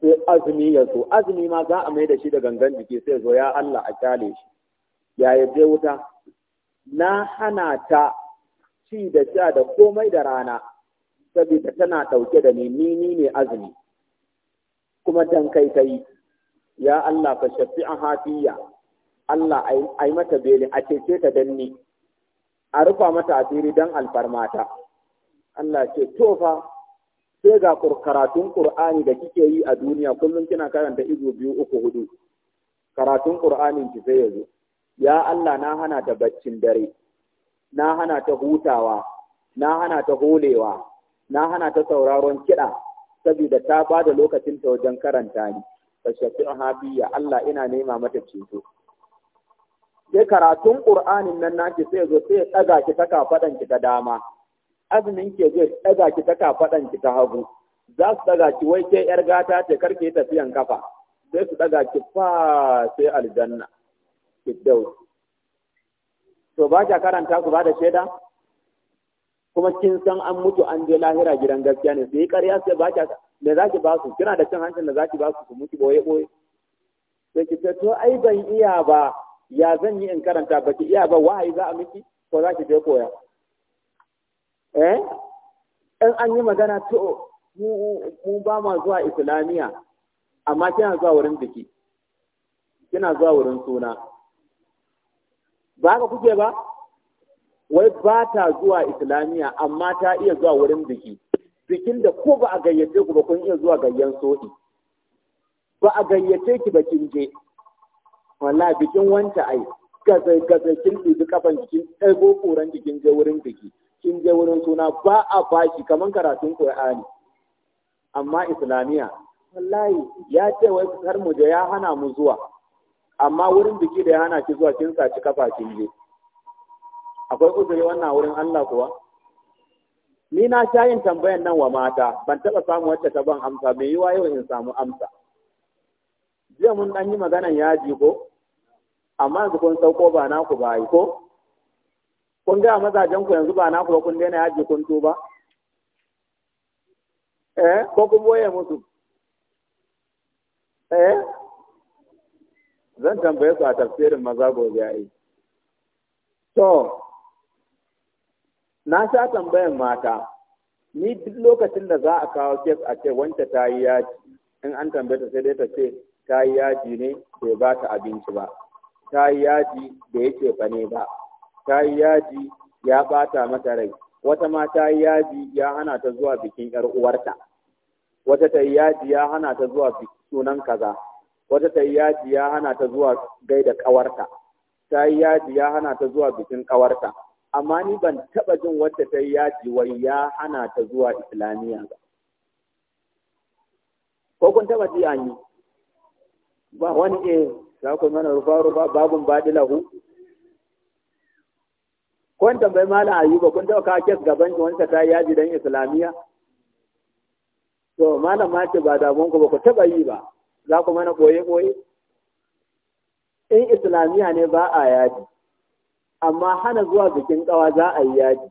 sai azumi ya zo azumi ma za a mai da shi da gangan jiki sai zo ya Allah a kyale shi ya je wuta na hana ta ci da sha da komai da rana saboda tana ɗauke da ni ni ne azumi kuma dan kai kai ya Allah fa an hafiya Allah ai mata beli a cece ta danni a rufa mata asiri dan alfarmata Allah ce to fa sai ga karatun Qur'ani da kike yi a duniya kullum kina karanta izo biyu uku hudu karatun Qur'anin ki sai yazo ya Allah na hana da baccin dare na hana ta hutawa na hana ta holewa na hana ta sauraron kiɗa saboda ta ba da lokacin ta wajen karanta ni fashafi'un habiya Allah ina nema mata ceto sai karatun ƙur'anin nan naki sai zo sai ɗaga ki ta kafaɗan ki ta dama azumin ke zai ɗaga ki ta kafaɗan ki ta hagu za su ɗaga ki wai ke ‘yar gata ce karke tafiyan kafa sai su ɗaga ki fa sai aljanna ki dauki to ba ka karanta ku ba da shaida kuma kin san an mutu an je lahira gidan gaskiya ne sai ƙarya sai ba ka me za ki ba su kina da cin hancin da za ki ba su ku mutu boye boye sai ki ce to ai ban iya ba ya zan yi in karanta baki iya ba wahayi za a miki ko za ki je koya eh in an yi magana to mu ba ma zuwa islamiya amma kina zuwa wurin biki kina zuwa wurin suna ba ka kuke ba wai ba ta zuwa islamiyya amma ta iya zuwa wurin biki bikin da ko ba a gayyace ku ba kun iya zuwa gayyan so'i ba a gayyace ki ba kin je wallahi bikin wanta ai gaza gaza kin dubi kafan jikin ɗago koran jikin je wurin biki kin je wurin suna ba a baki kaman karatun qur'ani amma islamiyya wallahi ya ce wai kar mu je ya hana mu zuwa amma wurin biki da ya hana ki zuwa kin saci kafa kin je akwai uzuri wannan wurin Allah kuwa ni na sha yin tambayan nan wa mata ban taba samu wacce ta ban amsa me yiwa yau in samu amsa jiya mun dan yi maganan yaji ko amma yanzu kun sauko ba naku ba yi ko kun ga mazajen ku yanzu ba naku ba kun daina yaji kun tuba eh ko kun boye musu eh zan tambaye su a tafsirin maza gobe ya yi to na sha tambayan mata ni duk lokacin da za a kawo kes a ce wance ta yi yaji in an tambaye ta sai dai ta ce ta yi yaji ne bai ba ta abinci ba ta yi yaji da yake fane ba ta yi yaji ya bata mata rai wata ma ta yi yaji ya hana ta zuwa bikin yar uwarta wata ta yi yaji ya hana ta zuwa sunan kaza wata ta yi yaji ya hana ta zuwa gaida kawarta ta yi yaji ya hana ta zuwa bikin kawarta amma ni ban taba jin wata ta yi yaji wai ya hana ta zuwa islamiyya ba ko kun taba ji an yi ba wani e, za ku mana rufa rufa babun badilahu ko in tambayi mala ayuba kun taba kawo kes gaban ki wanda ta yi yaji dan islamiyya to malam ma ce ba damuwan ku ba ku taba yi ba za ku mana ɓoye-ɓoye? In Islamiyya ne ba a yaji, amma hana zuwa bikin ƙawa za a yi yaji,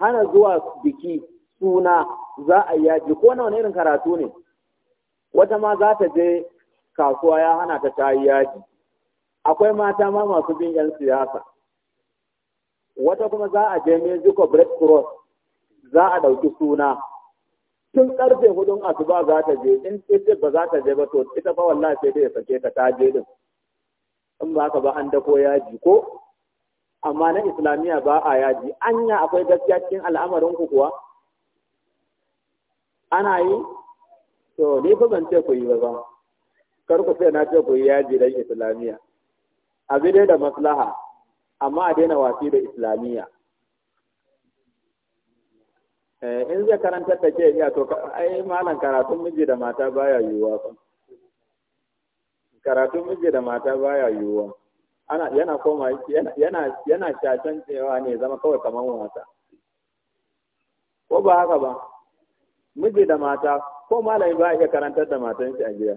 hana zuwa biki suna za a yi yaji, ko na wani irin karatu ne, wata ma za ta je kasuwa ya hana ta ta yi yaji. Akwai mata ma masu bin 'yan siyasa, wata kuma za a je Mexico Bread Cross za a ɗauki suna. tun karfe hudun asuba za ta je in ita ba za ta je ba to ita fa wallahi sai dai sake ka ta je din in ba ka ba an dako yaji ko amma na islamiyya ba a yaji anya akwai gaskiya cikin al'amarin ku kuwa ana yi to ni fa ban ce ku yi ba kar ku sai na ce ku yi yaji dan A abi dai da maslaha amma a daina wasi da islamiyya Eh, in zai karantar da ke iya to ai malam karatun miji da mata baya yiwuwa fa miji da mata baya yiwuwa ana yana koma yana yana shashan cewa ne zama kawai kamar wasa ko ba haka ba miji da mata ko malami ba iya karantar da matan shi a gida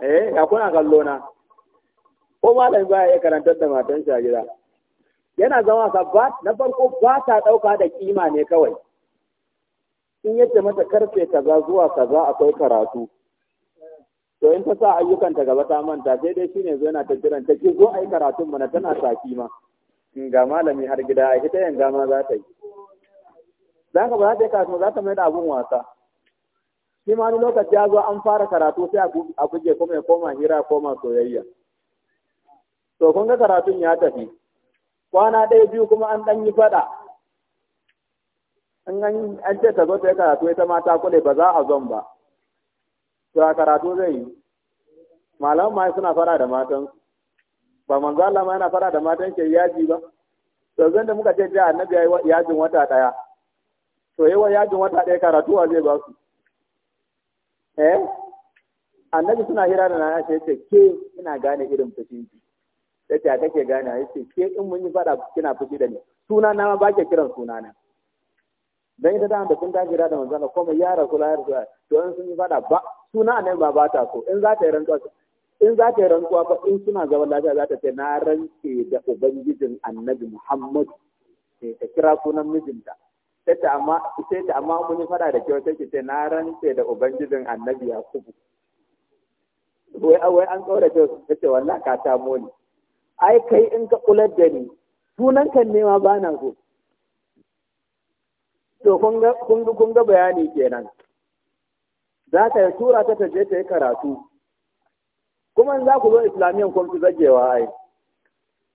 eh ya kuna kallo na ko malami ba iya karantar da matan shi a gida yana zama ka na farko ba ta ɗauka da kima ne kawai in yadda mata karfe kaza zuwa kaza akwai karatu to in ta sa ayyukan ta gaba ta manta sai dai shine zo yana ta jiran ta ki zo ai karatun mana tana sa kima in ga malami har gida ai ita yanga ma za ta yi za ka ba za ta yi karatu za ta mai da abun wasa shi ma lokaci ya zo an fara karatu sai a buge kuma ya koma hira koma soyayya to kun ga karatun ya tafi kwana ɗaya biyu kuma an ɗan yi faɗa in an ce ta zo ta yi karatu ita ma ta kuɗe ba za a zon ba to a karatu zai yi Malam ma suna fara da matan ba manzo Allah ma yana fara da matan ke yaji ba to zan da muka ce da annabi yayi yajin wata daya to yawa yajin wata daya karatu wa zai ba su eh annabi suna hira da na ce ce ke ina gane irin fitinki ta ce kake gane ya ce ke in mun yi fada kina fushi da ni suna na ma ba ke kiran suna na dan ita da sun tashi da manzo Allah kuma ya rasula ya rasula to in sun yi fada ba suna ne ba ba ta so in za ta yi rantsuwa in za ta yi rantsuwa ba in suna zaman lafiya za ta ce na rantse da ubangijin annabi Muhammad sai eh, ta kira sunan mijinta sai ta amma sai ta amma mun yi fada da kyau sai ki ce na rantse da ubangijin annabi Yakubu wai wai an kaura ta ce wallahi ka samo ni ai kai in ka kular da ni sunan kan nema ba na so to kun ga bayani kenan za ka yi tura ta taje ta yi karatu kuma za ku zo islamiyan kun fi zagewa ai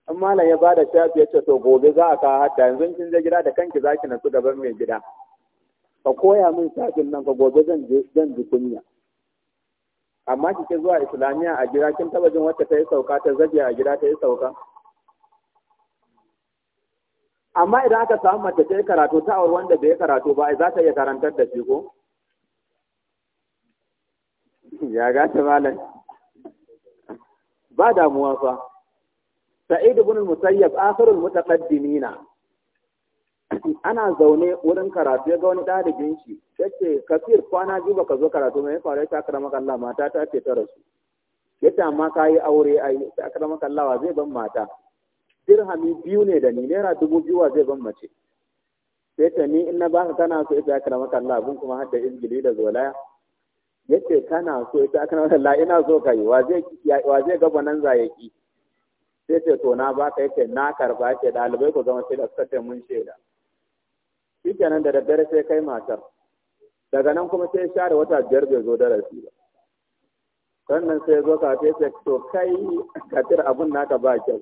in malam ya bada da shafi to gobe za a kawo yanzu kin je gida da kanki zaki ki su gaban mai gida ka koya min shafin nan ka gobe zan ji kunya amma kike zuwa islamiyya a gida kin taba jin wacce ta yi sauka ta zabi a gida ta yi sauka amma idan aka samu mace ta yi karatu ta aure wanda bai karatu ba za ta iya karantar da shi ko ya gata malam ba damuwa fa sa'id ibn musayyab akhirul mutaqaddimina ana zaune wurin karatu ya ga wani dalibin shi yake kafir kwana biyu baka zo karatu mai faru ta karama Allah mata ta ce ta rasu yata amma ka yi aure ai ta karama Allah wa zai ban mata dirhami biyu ne da ni naira dubu biyu wa zai ban mace sai ta ni in na baka kana so ita karama Allah bun kuma har da injili da zolaya yace kana so ita karama Allah ina so kai wa zai wa zai gaba nan zayaki sai ce to na baka yake na karba ce dalibai ku zama sai da suka ce mun shaida shikenan da daddare sai kai matar daga nan kuma sai share wata biyar bai zo darasi ba sannan sai zo ka sai to kai ka tira abun naka ba kyau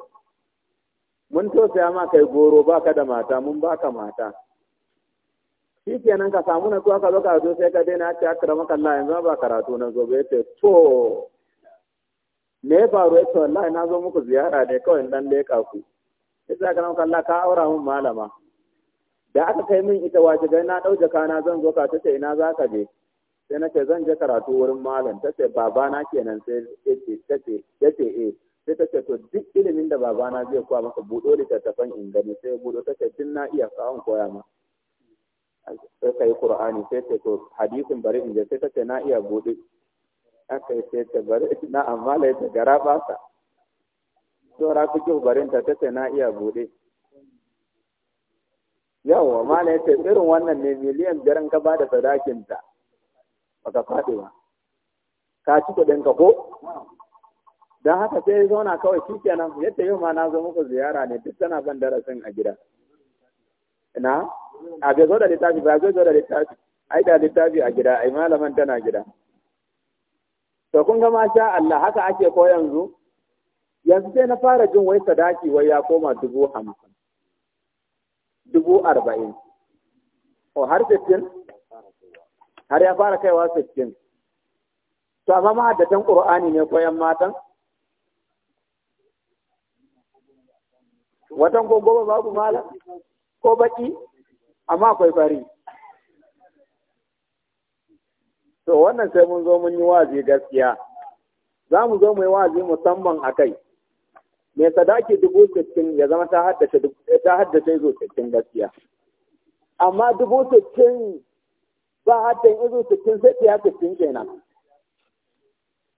mun to sai ma kai goro ba ka da mata mun ba ka mata shi kenan ka samu na zuwa ka zo ka zo sai ka daina ce akira maka Allah yanzu ba karatu na zo ba yace to me ya faru yace wallahi na zo muku ziyara ne kawai dan leka ku yace ka nan Allah ka aura mun malama da aka kai min ita wace dai na ɗau na zan zo ka ta ce ina za ka je sai na ce zan je karatu wurin malam ta ce babana kenan sai ta ce ya ce eh sai ta ce to duk ilimin da babana zai koya maka buɗo littattafan in gani sai ya buɗo ta ce duk na iya kawon koya ma sai ka yi qur'ani sai ce to hadisin bari in je sai ta ce na iya buɗe aka yi sai ta bari na amma lai ta gara ba sa to ra fi barinta ta ce na iya buɗe yawwa mala ya ce irin wannan ne miliyan biyar ka ba da sadakinta ka faɗi ba ka ci ɗinka ko don haka sai ya zauna kawai shi kenan yadda yau ma na zo muku ziyara ne duk tana ban darasin a gida na a bai zo da littafi ba zai zo da littafi ai da littafi a gida ai malaman tana gida to kun ga masha Allah haka ake ko yanzu yanzu sai na fara jin wai sadaki wai ya koma dubu hamsin dubu arba'in o har sittin har ya fara kaiwa sittin to amma mahaddatan ƙur'ani ne koyan matan watan ko goma babu mala ko baki amma akwai fari to wannan sai mun zo mun yi wazi gaskiya za mu zo mu yi wazi musamman a kai mai sadaki dubu sittin ya zama ta haddace ta haddace izo sittin gaskiya amma dubu sittin ba haddan izo sittin sai tsiya sittin kenan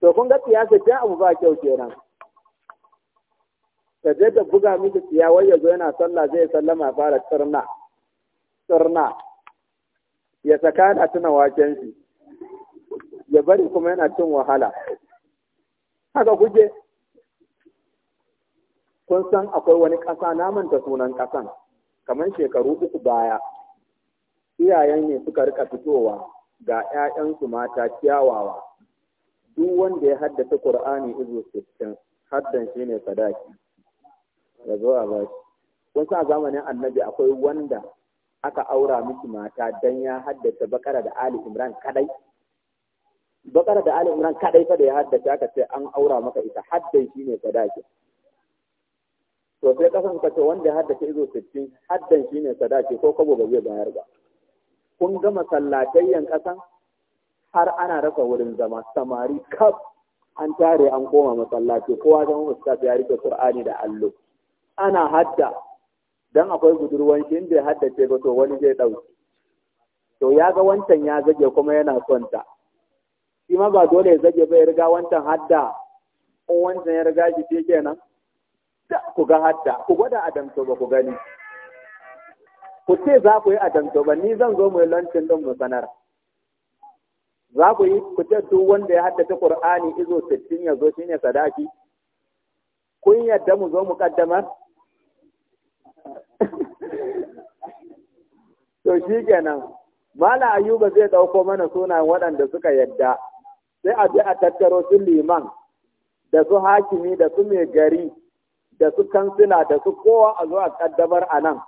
to kun ga tsiya sittin abu ba kyau kenan Ka je ta buga miki tsiya wai ya zo yana sallah zai sallama fara tsirna tsirna ya saka da tuna waken shi ya bari kuma yana cin wahala haka kuke kun san akwai wani ƙasa na manta sunan ƙasan kamar shekaru uku baya iyayen ne suka rika fitowa ga 'ya'yansu mata kyawawa duk wanda ya haddasa ƙur'ani izu 60 haddan shi ne sadaki ya zo a ba shi kun san zamanin annabi akwai wanda aka aura miki mata dan ya haddasa bakara da Ali Imran kadai bakara da Ali Imran kadai fa da ya haddasa, aka ce an aura maka ita haddan shi ne sadaki to sai kasan ka ce wanda haddace izo sittin haddan shi shine sadaki ko kabo ba zai bayar ba kun ga masallatayyan kasan har ana rasa wurin zama samari kaf an tare an koma masallaci kowa zama ustaz ya rike qur'ani da allo ana hadda dan akwai budurwan shi hadda ce ba to wani zai dauki to ya ga wancan ya zage kuma yana sonta ta shi ma ba dole ya zage ba ya riga wancan hadda ko wancan ya riga shi kenan da ku ga hadda ku gwada adamto ba ku gani ku ce za ku yi adamto ba ni zan zo mu yi lancin don mu sanar za ku yi ku ce duk wanda ya haddace Qur'ani izo 60 ya zo shine sadaki kun yadda mu zo mu kaddamar to shi kenan, mala ayuba zai dauko mana suna waɗanda suka yadda sai a je a tattaro su liman da su hakimi da su mai gari da su kansila da su kowa a zuwa a kaddamar a nan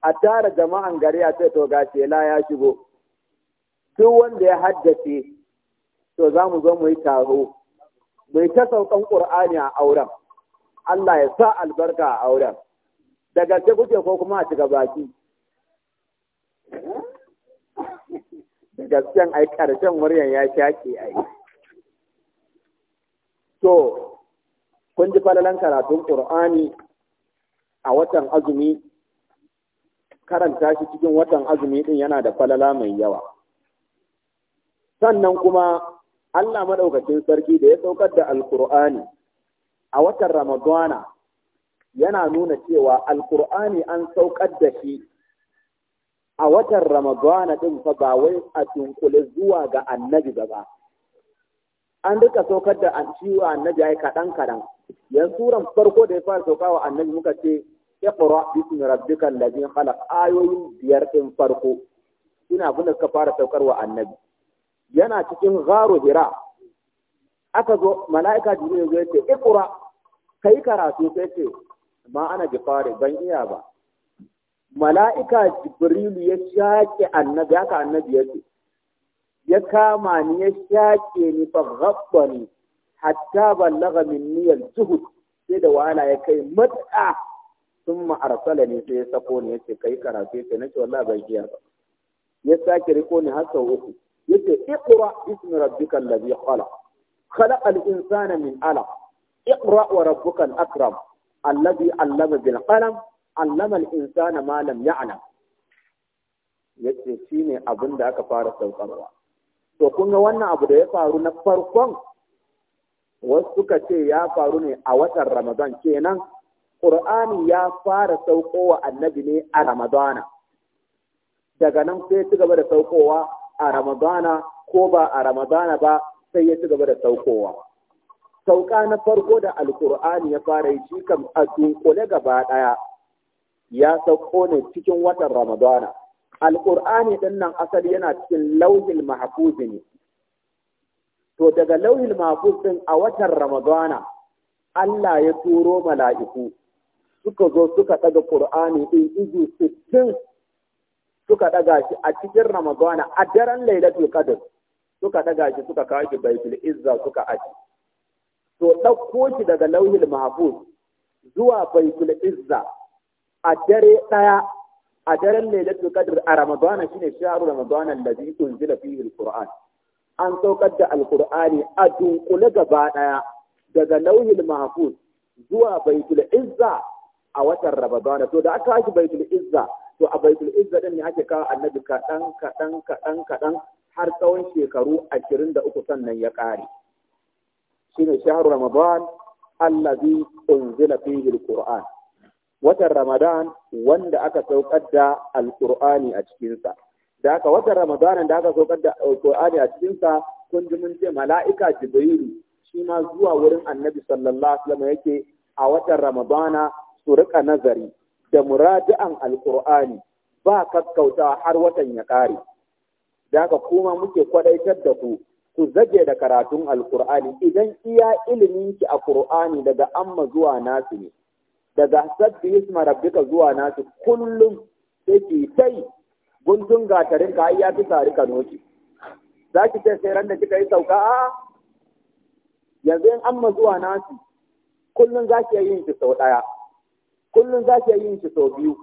a tara jama'an gari a ce to ga shela ya shigo duk wanda ya haddace to za mu zo mu yi taro mu yi ta saukan ƙur'ani a auren Allah ya sa albarka a auren da gaske kuke ko kuma a shiga baki gasken ai ƙarshen muryan ya shaƙe ai to kun ji falalan karatun Kur'ani a watan azumi karanta shi cikin watan azumi din yana da falala mai yawa sannan kuma Allah maɗaukacin sarki da ya saukar da alkur'ani a watan Ramadana yana nuna cewa alkur'ani an saukar da shi a watan Ramadana din fa ba wai a tunkule zuwa ga annabi ba an rika saukar da an ciwo annabi ayi kaɗan kaɗan yanzu suran farko da ya fara sauka annabi muka ce iqra bismi rabbika ladzi khalaq ayoyin biyar din farko ina abin da suka fara saukar wa annabi yana cikin gharu hira aka zo mala'ika jibril zo ce iqra kai karatu sai ce ma ana gifare ban iya ba mala'ika Jibrilu ya shaƙe annabi haka annabi ce ya kama ni ya shaƙe ni fa ni, hatta ballaga min niyyar zuhud sai da wahala ya kai matsa sun ma'arsala ne sai ya sako ni yace kai karatu sai nace wallahi ban iya ba ya sake riko ni har sau uku yace iqra ismi rabbikal ladhi khalaq خلق الإنسان من علق اقرأ وربك الأكرم الذي علم بالقلم علم الإنسان ما لم يعلم yace shine abin da aka fara saukarwa to kun ga wannan abu da ya faru na farkon wasu suka ce ya faru ne a watan ramadan kenan ƙur'ani ya fara saukowa annabi ne a ramadana daga nan sai ci gaba da saukowa a ramadana ko ba a ramadana ba sai ya ci gaba da saukowa sauka na farko da Alƙur'ani ya fara yi shi kam a gaba ɗaya ya sauko ne cikin watan ramadana alƙur'ani ɗin nan asali yana cikin lauhin mahafuz ne to daga lauhin mahafuz ɗin a watan ramadana Allah ya turo mala'iku suka zo suka ɗaga ƙur'ani ɗin izu sittin suka ɗaga shi a cikin ramadana a daren lailatul qadr suka ɗaga shi suka kawo shi baitul izza suka aji to ɗauko shi daga lauhin mahafuz zuwa baitul izza a dare ɗaya a daren lailatul qadr a ramadana shine shahru ramadana allazi unzila fihi alquran an saukar da alqur'ani a dunkule gaba daya daga lauhil mahfuz zuwa baitul izza a watan ramadana to da aka haji baitul izza to a baitul izza din ne ake kawo annabi kadan kadan kadan kadan har tsawon shekaru 23 sannan ya kare shine shahru ramadan allazi unzila fihi alquran watan Ramadan wanda aka saukar da Alƙur'ani a cikinsa. Da aka watan Ramadan da aka saukar da Alƙur'ani a cikinsa kun ji mun ce mala'ika Jibril shi ma zuwa wurin Annabi sallallahu alaihi wasallam yake a watan Ramadana su rika nazari da al Alƙur'ani ba kakkautawa har watan ya ƙare. Da aka kuma muke kwadaitar da ku ku zage da karatun Alƙur'ani idan iya ki a Qur'ani daga amma zuwa nasu ne. daga sabbi isma rabbika zuwa nasu kullum sai tai guntun gatarin ka ya fi tare ka noki za ki ce sai ran da kika yi sauka a yanzu in amma zuwa nasu kullum za ki yin shi sau ɗaya kullum za ki yin shi sau biyu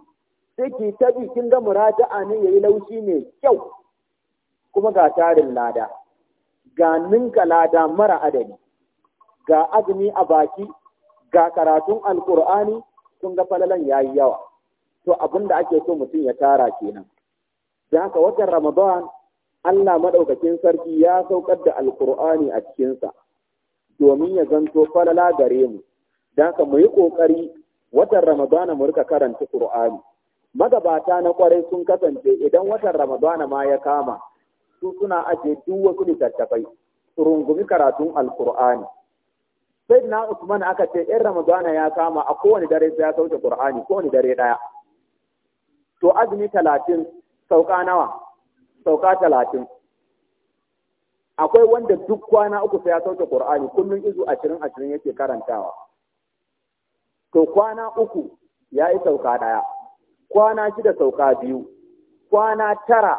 sai ki ta bi kin ga muraja'a ne yayi laushi ne kyau kuma ga tarin lada ga ninka lada mara adadi ga azumi a baki ga karatun alkur'ani sun ga falalan ya yi yawa to abin da ake so mutum ya tara kenan da haka watan ramadan allah maɗaukakin sarki ya saukar da alkur'ani a cikinsa domin ya zanto falala gare mu da haka mu yi ƙoƙari watan Ramadan mu rika karanta ƙur'ani magabata na kwarai sun kasance idan watan Ramadan ma ya kama su suna ajiye duk wasu littattafai su rungumi karatun alkur'ani sai na Usman aka ce in Ramadana ya kama a kowane dare sai ya sauke Qur'ani kowane dare daya to azumi talatin sauka nawa sauka talatin akwai wanda duk kwana uku sai ya sauke Qur'ani kullum izu ashirin ashirin yake karantawa to kwana uku ya yi sauka ɗaya kwana shida sauka biyu kwana tara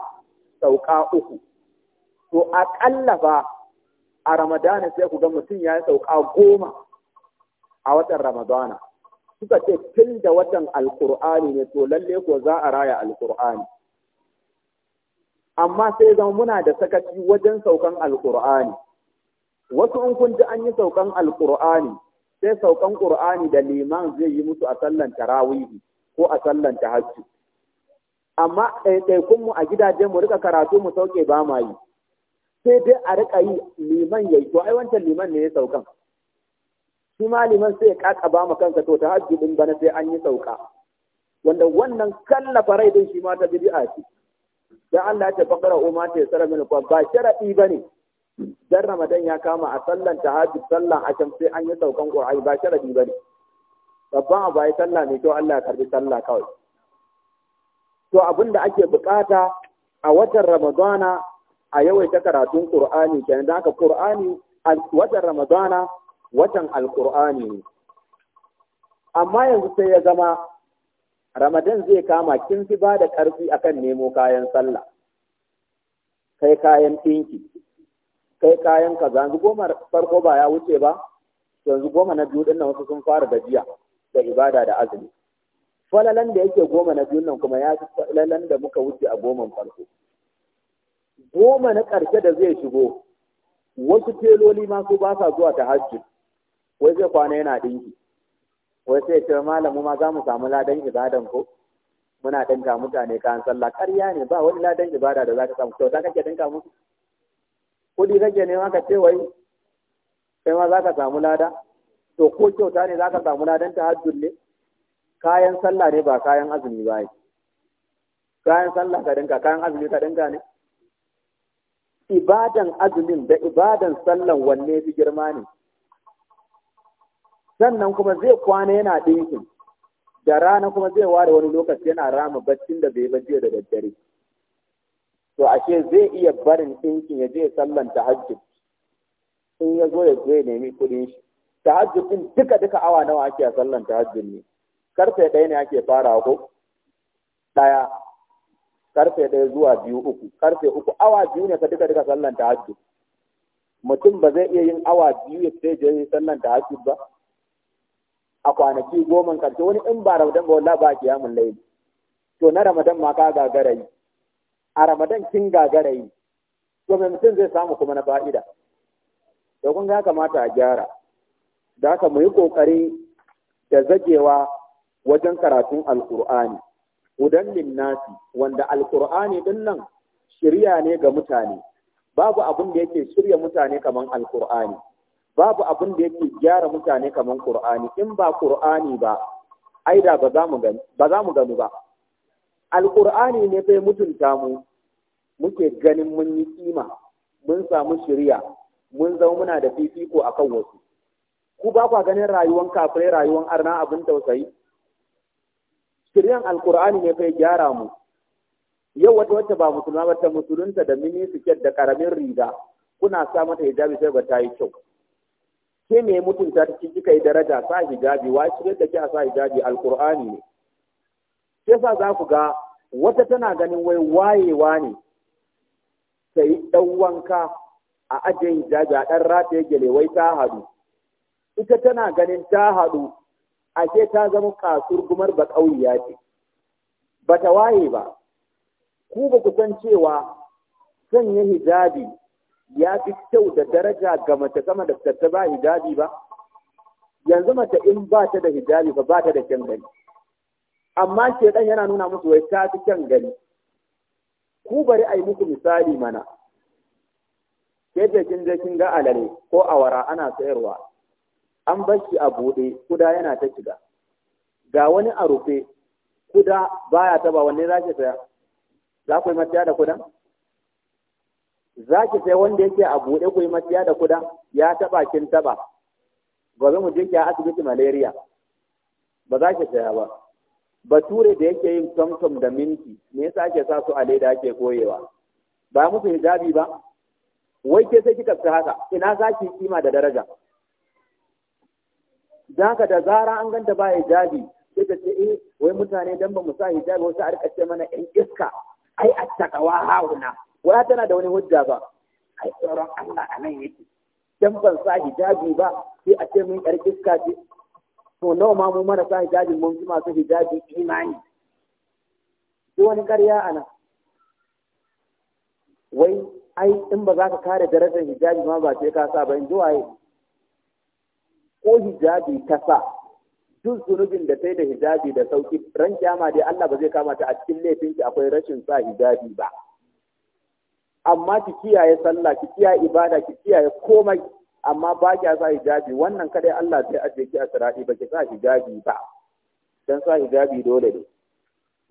sauka uku to aƙalla fa a ramadana sai ku ga mutum ya yi sauka goma a watan ramadana suka ce tun da watan Alƙur'ani ne to lalle ko za a raya Alƙur'ani. amma sai zama muna da sakaci wajen saukan Alƙur'ani, wasu in kun ji an yi saukan Alƙur'ani sai saukan ƙur'ani da liman zai yi musu a sallan tarawihi ko a sallan hajji. amma ɗaiɗaikunmu a gidajenmu mu rika karatu mu sauke ba ma yi sai dai a rika yi liman ya yi to ai wancan liman ne ya saukan shi ma liman sai ya ba mu kansa to ta hajji ɗin bana sai an yi sauka wanda wannan kallafa rai din shi ma ta bid'a ce dan Allah ya fakara umma ta sara min fa ba sharadi bane dan Ramadan ya kama a sallan tahajjud sallan can sai an yi saukan Qur'ani ba sharadi bane babban abu ai sallah ne to Allah ya karbi sallah kawai to abinda ake bukata a watan Ramadana a yawaita karatun ƙur'ani kenan da haka Qur'ani watan Ramadana watan Alƙur'ani ne amma yanzu sai ya zama Ramadan zai kama kin fi ba da ƙarfi kan nemo kayan sallah kai kayan ɗinki kai kayan kaza yanzu goma farko ba ya wuce ba yanzu goma na biyu ɗin wasu sun fara gajiya da ibada da azumi falalan da yake goma na biyun nan kuma ya fi falalan da muka wuce a goman farko goma na ƙarshe da zai shigo wasu teloli ma su ba sa zuwa ta hajji wai zai kwana yana ɗinki wai sai ce malamu ma za mu samu ladan ibadan ko muna ɗinka mutane kayan sallah ƙarya ne ba wani ladan ibada da za ka samu kyauta kake ɗinka musu kuɗi kake nema ka ce wai kai ma za ka samu lada to ko kyauta ne za ka samu ladan ta hajji ne kayan sallah ne ba kayan azumi ba kayan sallah ka ɗinka kayan azumi ka ɗinka ne ibadan azumin da ibadan sallan wanne fi girma ne sannan kuma zai kwana yana ɗinkin da rana kuma zai ware wani lokaci yana rama baccin da bai jiya da daddare to ashe zai iya barin ɗinkin ya je sallan hajji? in ya zo ya zo ya nemi kuɗin shi Ta hajji ɗin duka duka awa nawa ake a sallan hajji ne karfe ɗaya ne ake farawa ko ɗaya karfe ɗaya zuwa biyu uku karfe uku awa biyu ne ka duka duka sallan ta hajji mutum ba zai iya yin awa biyu ya fita je sallan ta hajji ba a kwanaki goma karshe wani in ba ramadan ba wallahi ba mun laili to na ramadan ma ka gagara yi a ramadan kin gagara yi to mai mutum zai samu kuma na fa'ida to kun ga kamata a gyara da haka mu yi kokari da zagewa wajen karatun alkur'ani hudan nasi wanda alqur'ani din nan shirya ne ga mutane babu abin da yake shirya mutane kaman alqur'ani babu abin da yake gyara mutane kaman qur'ani in ba qur'ani ba aida ba za mu gani ba za mu gani ba alqur'ani ne bai mutunta mu muke ganin mun yi kima mun samu shirya mun zama muna da fifiko akan wasu ku ba kwa ganin rayuwar kafirai rayuwan arna abin tausayi shiryan alkur'ani ne kai gyara mu yau wata wacce ba musulma ba ta musulunta da mini siket da karamin riga kuna sa mata hijabi sai ba ta yi kyau ke ne mutunta ta cikin kai daraja sa hijabi wa shi da ke a sa hijabi alkur'ani ne sai sa za ku ga wata tana ganin wai wayewa ne ta yi ɗan wanka a ajiye hijabi a ɗan rataye gele wai ta haɗu ita tana ganin ta haɗu ashe ta zama kasur gumar ba ƙauya ce ba ta waye ba ku ba ku san cewa sanya hijabi ya fi kyau da daraja ga mace sama da ta ba hijabi ba yanzu mace in ba ta da hijabi ba ba ta da kyan gani amma shedan yana nuna musu wai ta fi kyan gani ku bari a yi muku misali mana ke kin je kin ga alale ko awara ana sayarwa an bar shi a buɗe kuda yana ta shiga ga wani a rufe kuda baya taba wanne za ki saya za ku yi matiya da kudan za ki sai wanda yake a buɗe ku yi matiya da kudan ya taba kin taba gobe mu je ki asibiti malaria ba za ki saya ba bature da yake yin tomtom da minti me yasa ake sa su a leda ake koyewa ba musu hijabi ba wai ke sai kika haka ina za ki kima da daraja Zaka haka da zara an ganta ba hijabi sai ta ce eh wai mutane don ba mu sa hijabi wasu a rika ce mana yan iska ai a takawa hauna wala tana da wani hujja ba ai tsoron Allah a nan yake don ban sa hijabi ba sai a ce mun yar iska ce to nawa ma mu marasa hijabi mun su masu hijabi imani duk wani ƙarya a nan wai ai in ba za ka kare darajar hijabi ma ba sai ka sa ba in zuwa yi. ko hijabi ta sa duk zunubin da sai da hijabi da sauki ran kyama dai Allah ba zai kama ta a cikin laifin ki akwai rashin sa hijabi ba amma ki kiyaye sallah ki kiyaye ibada ki kiyaye komai amma ba kya sa hijabi wannan kadai Allah sai aje ki a sirati ba ki sa hijabi ba dan sa hijabi dole ne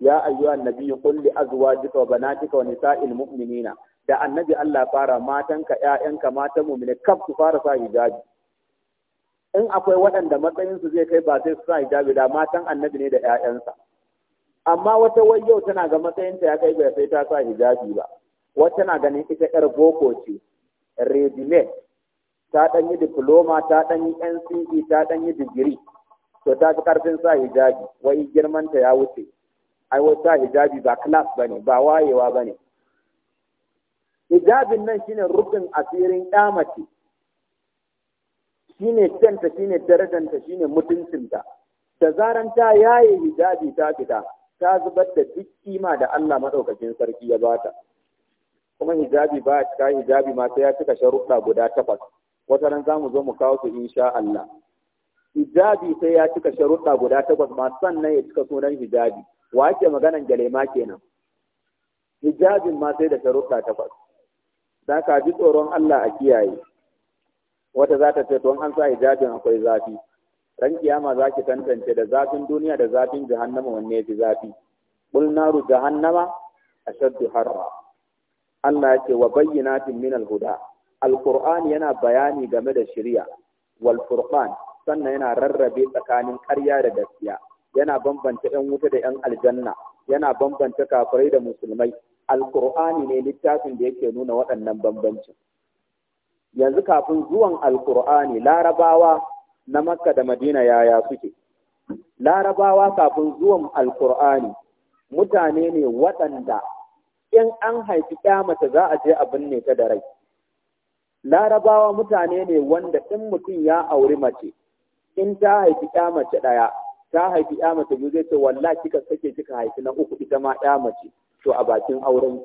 ya ayyuhan annabi, qul li azwajika wa banatika wa nisa'il mu'minina da annabi Allah fara matanka ƴaƴanka matan mu'mine kaf ku fara sa hijabi in akwai waɗanda matsayinsu zai kai ba sai su sa hijabi da matan annabi ne da 'ya'yansa amma wata wai yau tana ga matsayinta ya kai bai sai ta sa hijabi ba wata na ganin ita 'yar boko ce redime ta ɗan yi diploma ta ɗan yi nce ta ɗan yi digiri to ta fi ƙarfin sa hijabi wai girmanta ya wuce ai wai sa hijabi ba class ne, ba wayewa ba ne. hijabin nan shine rufin asirin mace shine shi shine darajanta shine mutuncinta da zaran ta yaye hijabi ta fita ta zubar da duk kima da Allah madaukakin sarki ya bata kuma hijabi ba ta hijabi ma sai ya cika sharuɗa guda takwas wata ran mu zo mu kawo su insha Allah hijabi sai ya cika sharuɗa guda takwas ma sannan ya cika sunan hijabi wa ake maganan galema kenan hijabin ma sai da sharuɗa takwas da ka ji tsoron Allah a kiyaye wata za ta ce to an sa hijabin akwai zafi ran kiyama za ki tantance da zafin duniya da zafin jahannama wanne ya fi zafi qul naru jahannama ashaddu harra Allah ya ce wa bayyana min al-huda Alkur'ani yana bayani game da shari'a wal furqan sannan yana rarrabe tsakanin ƙarya da gaskiya yana bambanta 'yan wuta da 'yan aljanna yana bambanta kafirai da musulmai alkur'ani ne littafin da yake nuna waɗannan bambancin yanzu kafin zuwan alkur'ani larabawa na makka da madina yaya suke larabawa kafin zuwan alkur'ani mutane ne waɗanda in an haifi mace za a je a binne ta da rai larabawa mutane ne wanda in mutum ya auri mace in ta haifi mace ɗaya ta haifi mace biyu zai ce wallahi kika sake kika haifi na uku ita ma mace to a bakin auren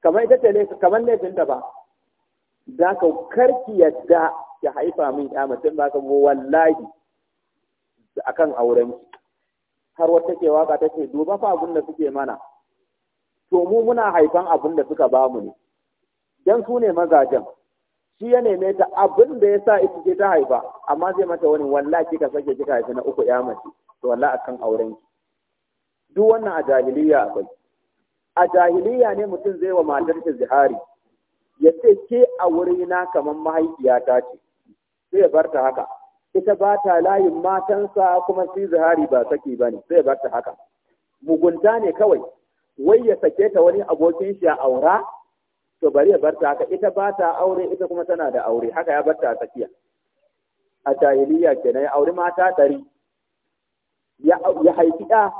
kamar ita ce kamar laifinta ba za ka karki yadda ki haifa min mutum ba ka wallahi a kan auren har wata ke waka ta ce duba fa abin da suke mana to mu muna haifan abin da suka ba mu ne dan su ne mazajen shi ya neme ta abin da ya sa ita ce ta haifa amma zai mata wani wallahi kika sake kika haifi na uku ya mace to wallahi akan auren ki duk wannan a jahiliya akwai a jahiliya ne mutum zai wa matar zihari ya ce ke a wurina kamar mahaifiyata ce sai ya barta haka ita ba ta layin matansa kuma si zahari ba saki ba ne sai ya barta haka mugunta ne kawai wai ya sake ta wani abokin shi a aura to bari ya barta haka ita ba ta aure ita kuma tana da aure haka ya barta a tsakiya a jahiliya kenan ya auri mata ɗari ya haifi ɗa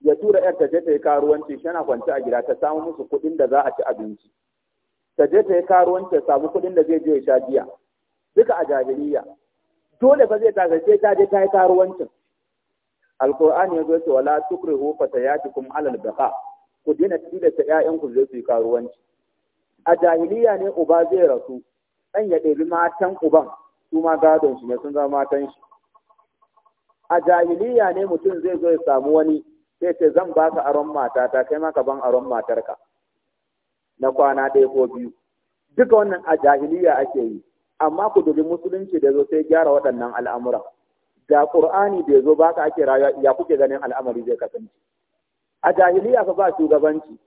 ya tura ‘yar ta je ta yi karuwanci tana kwance a gida ta samu musu kuɗin da za a ci abinci ta je ta yi karuwanci ya samu kuɗin da zai je ya sha jiya. duka a jahiliya dole ba zai tafi sai ta je ta yi karuwancin alkur'ani ya zo ce wala tukrihu fatayatikum alal baqa ku dina tilasta ƴaƴan ku zai su yi karuwanci a jahiliya ne uba zai rasu ɗan ya ɗebi matan uban su ma gadon shi ne sun zama matan shi a jahiliya ne mutum zai zo ya samu wani sai ce zan baka aron matata kai ma ka ban aron matarka na kwana ɗaya ko biyu duka wannan a jahiliya ake yi amma ku dubi musulunci da zo sai gyara waɗannan al'amura da qur'ani bai zo ba ka ake rayuwa ya kuke ganin al'amari zai kasance a jahiliya fa ba shugabanci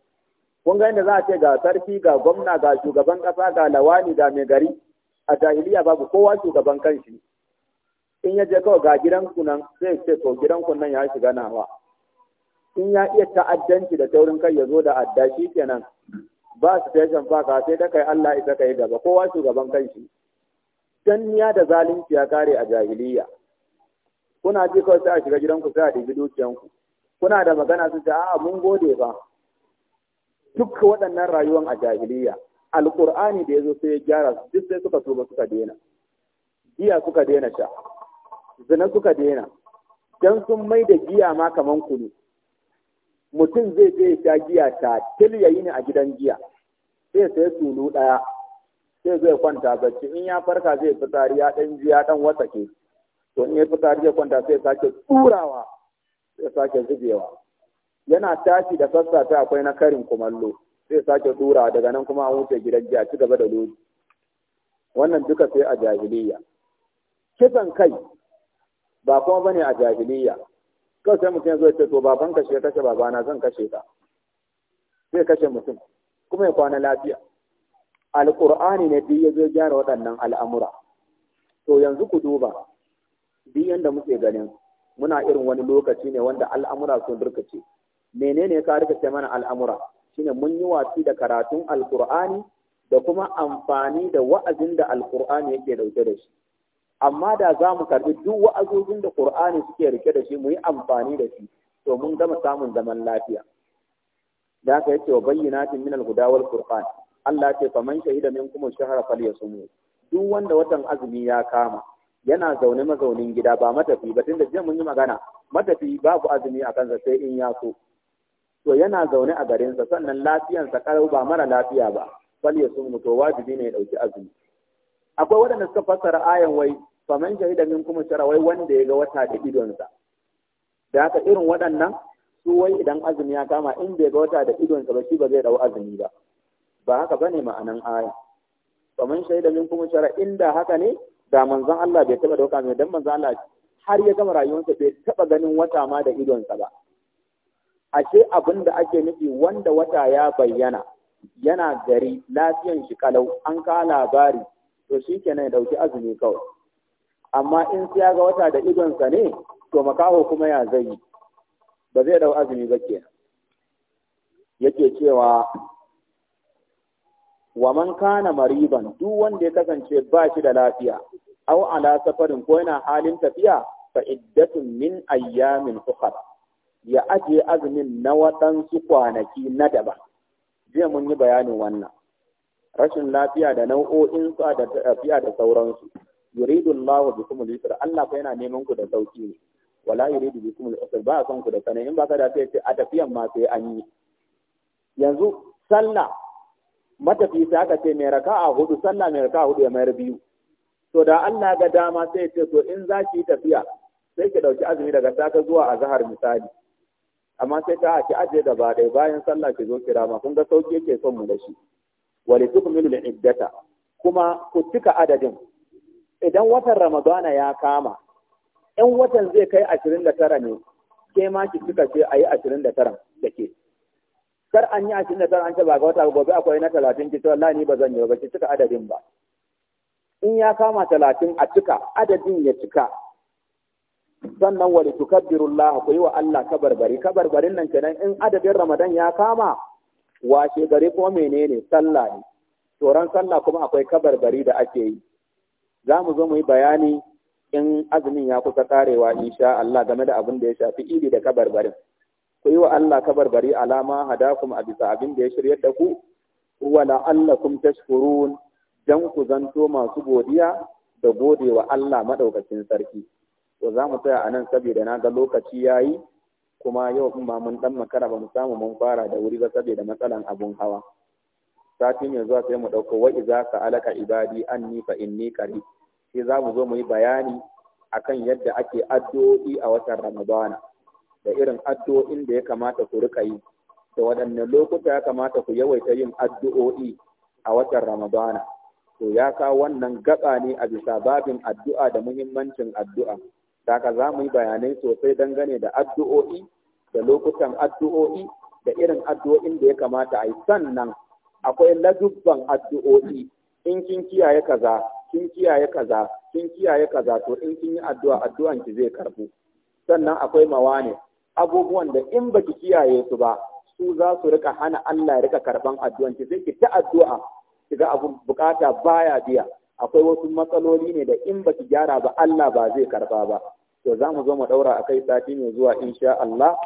kun ga inda za a ce ga sarki ga gwamna ga shugaban ƙasa, ga lawani ga mai gari a jahiliya babu kowa shugaban kanshi in ya je kawai ga gidanku nan sai ce to gidanku nan ya shiga nawa in ya iya ta'addanci da taurin kai ya zo da adda shi kenan ba su station faka sai ta kai Allah ita kai gaba kowa shugaban kanshi danniya da zalunci ya kare a jahiliya kuna ji kawai sai a shiga gidanku sai a dubi dukiyanku kuna da magana su ce a'a mun gode ba duk waɗannan rayuwan a jahiliya alƙur'ani da ya zo sai ya gyara su duk sai suka tuba suka daina giya suka daina sha zina suka daina dan sun mai da giya ma kaman kunu mutum zai je ya sha giya ta til yi ni a gidan giya sai sai tulu ɗaya sai zai kwanta bacci in ya farka zai fitari ya ɗan jiya ɗan wasake to in ya fitari zai kwanta sai sake turawa sai sake zubewa yana tashi da sassafe akwai na karin kumallo sai sake turawa daga nan kuma an wuce gidan giya ci gaba da lodi wannan duka sai a jahiliya kisan kai ba kuma bane a jahiliya kawai sai mutum ya zo ya ce to baban kashe kashe babana zan kashe ka zai kashe mutum kuma ya kwana lafiya alƙur'ani ne biyu ya zo gyara waɗannan al'amura to yanzu ku duba biyan da muke ganin muna irin wani lokaci ne wanda al'amura sun rikice. menene ka ce mana al'amura shine mun yi watsi da karatun alƙur'ani da kuma amfani da wa'azin da alƙur'ani yake dauke da shi amma da za mu karbi duk wa'azozin da Qur'ani suke rike da shi mu yi amfani da shi to mun gama samun zaman lafiya da aka yake wa bayyinatin min al-huda wal Qur'an Allah ce faman shahida minkum fal shahra falyasum duk wanda watan azumi ya kama yana zaune mazaunin gida ba matafi ba tunda jiya mun yi magana matafi babu azumi a kansa sai in ya so to yana zaune a garinsa sannan lafiyansa karau ba mara lafiya ba falyasum to wajibi ne ya dauki azumi akwai waɗanda suka fassara ayan wai faman shahida min kuma shara wai wanda ya ga wata da idonsa da haka irin waɗannan su wai idan azumi ya kama in bai ga wata da idonsa ba shi ba zai dau azumi ba ba haka bane ma'anan aya faman shahida min kuma shara inda haka ne da manzon Allah bai taba dauka mai dan manzon Allah har ya gama rayuwarsa bai taba ganin wata ma da idonsa ba ashe abin da ake nufi wanda wata ya bayyana yana gari lafiyan shi kalau an ka labari to shi kenan ya dauki azumi kawai amma in ya ga wata da idonsa ne to makaho kuma ya zai ba zai dau azumi ba ke yake cewa wa man kana mariban duk wanda ya kasance ba shi da lafiya Au ala safarin ko yana halin tafiya fa iddatun min ayyamin ukhra ya ajiye azumin na waɗansu kwanaki na daban jiya mun yi bayanin wannan rashin lafiya da nau'o'insa da tafiya da sauransu yuridu Allah wa bikumul yusra Allah ko yana neman ku da sauki ne wala yuridu bikumul usra ba san ku da sanin in ba ka da sai a tafiyan ma sai an yi yanzu sallah matafi sai aka ce mai raka'a hudu sallah mai raka'a hudu ya mayar biyu to da Allah ga dama sai ce to in za ki tafiya sai ki ɗauki azumi daga saka zuwa azhar misali amma sai ta ki aje gaba ba dai bayan sallah ki zo kira ma kun ga sauki yake son mu da shi wa litukmilu iddata kuma ku cika adadin idan watan Ramadana ya kama, 'yan watan zai kai ashirin da tara ne, ke ma ki suka ce a yi ashirin da tara da ke. Kar an yi ashirin da tara an ce ba ga wata gobe akwai na talatin ki tsawon lani ba zan yi ba ki cika adadin ba. In ya kama talatin a cika adadin ya cika. Sannan wali tukabbirullah ku yi wa Allah kabarbari kabarbarin nan kenan in adadin Ramadan ya kama washe gari ko menene sallah ne. Toron sallah kuma akwai kabarbari da ake yi. za mu zo mu yi bayani in azumin ya kusa karewa insha Allah game da abin da ya shafi idi da kabarbarin ku yi wa Allah kabarbari alama hadakum a bisa abin da ya shirya da ku wa la'allakum tashkurun dan ku zanto masu godiya da gode wa Allah madaukakin sarki to za mu tsaya anan saboda na ga lokaci yayi kuma yau kuma mun dan makara ba mu samu mun fara da wuri ba saboda matsalan abun hawa sati mai zuwa sai mu ɗauko wa iza ka alaka ibadi anni fa inni kari sai za mu zo mu yi bayani akan yadda ake addu'o'i a watan Ramadana da irin addu'o'in da ya kamata ku rika yi da waɗanne lokuta ya kamata ku yawaita yin addu'o'i a watan Ramadana to ya sa wannan gaba ne a bisa babin addu'a da muhimmancin addu'a Daka za mu yi bayanai sosai dangane da addu'o'i da lokutan addu'o'i da irin addu'o'in da ya kamata a yi sannan akwai ladubban addu'o'i in kin kiyaye kaza kin kiyaye kaza kin kiyaye kaza to in kin yi addu'a addu'an ki zai karbu sannan akwai mawani abubuwan da in baki kiyaye su ba su za su rika hana Allah ya rika karban addu'an ki sai ki ta addu'a ga abun bukata baya biya akwai wasu matsaloli ne da in baki gyara ba Allah ba zai karba ba to za mu zo mu daura akai sati mai zuwa insha Allah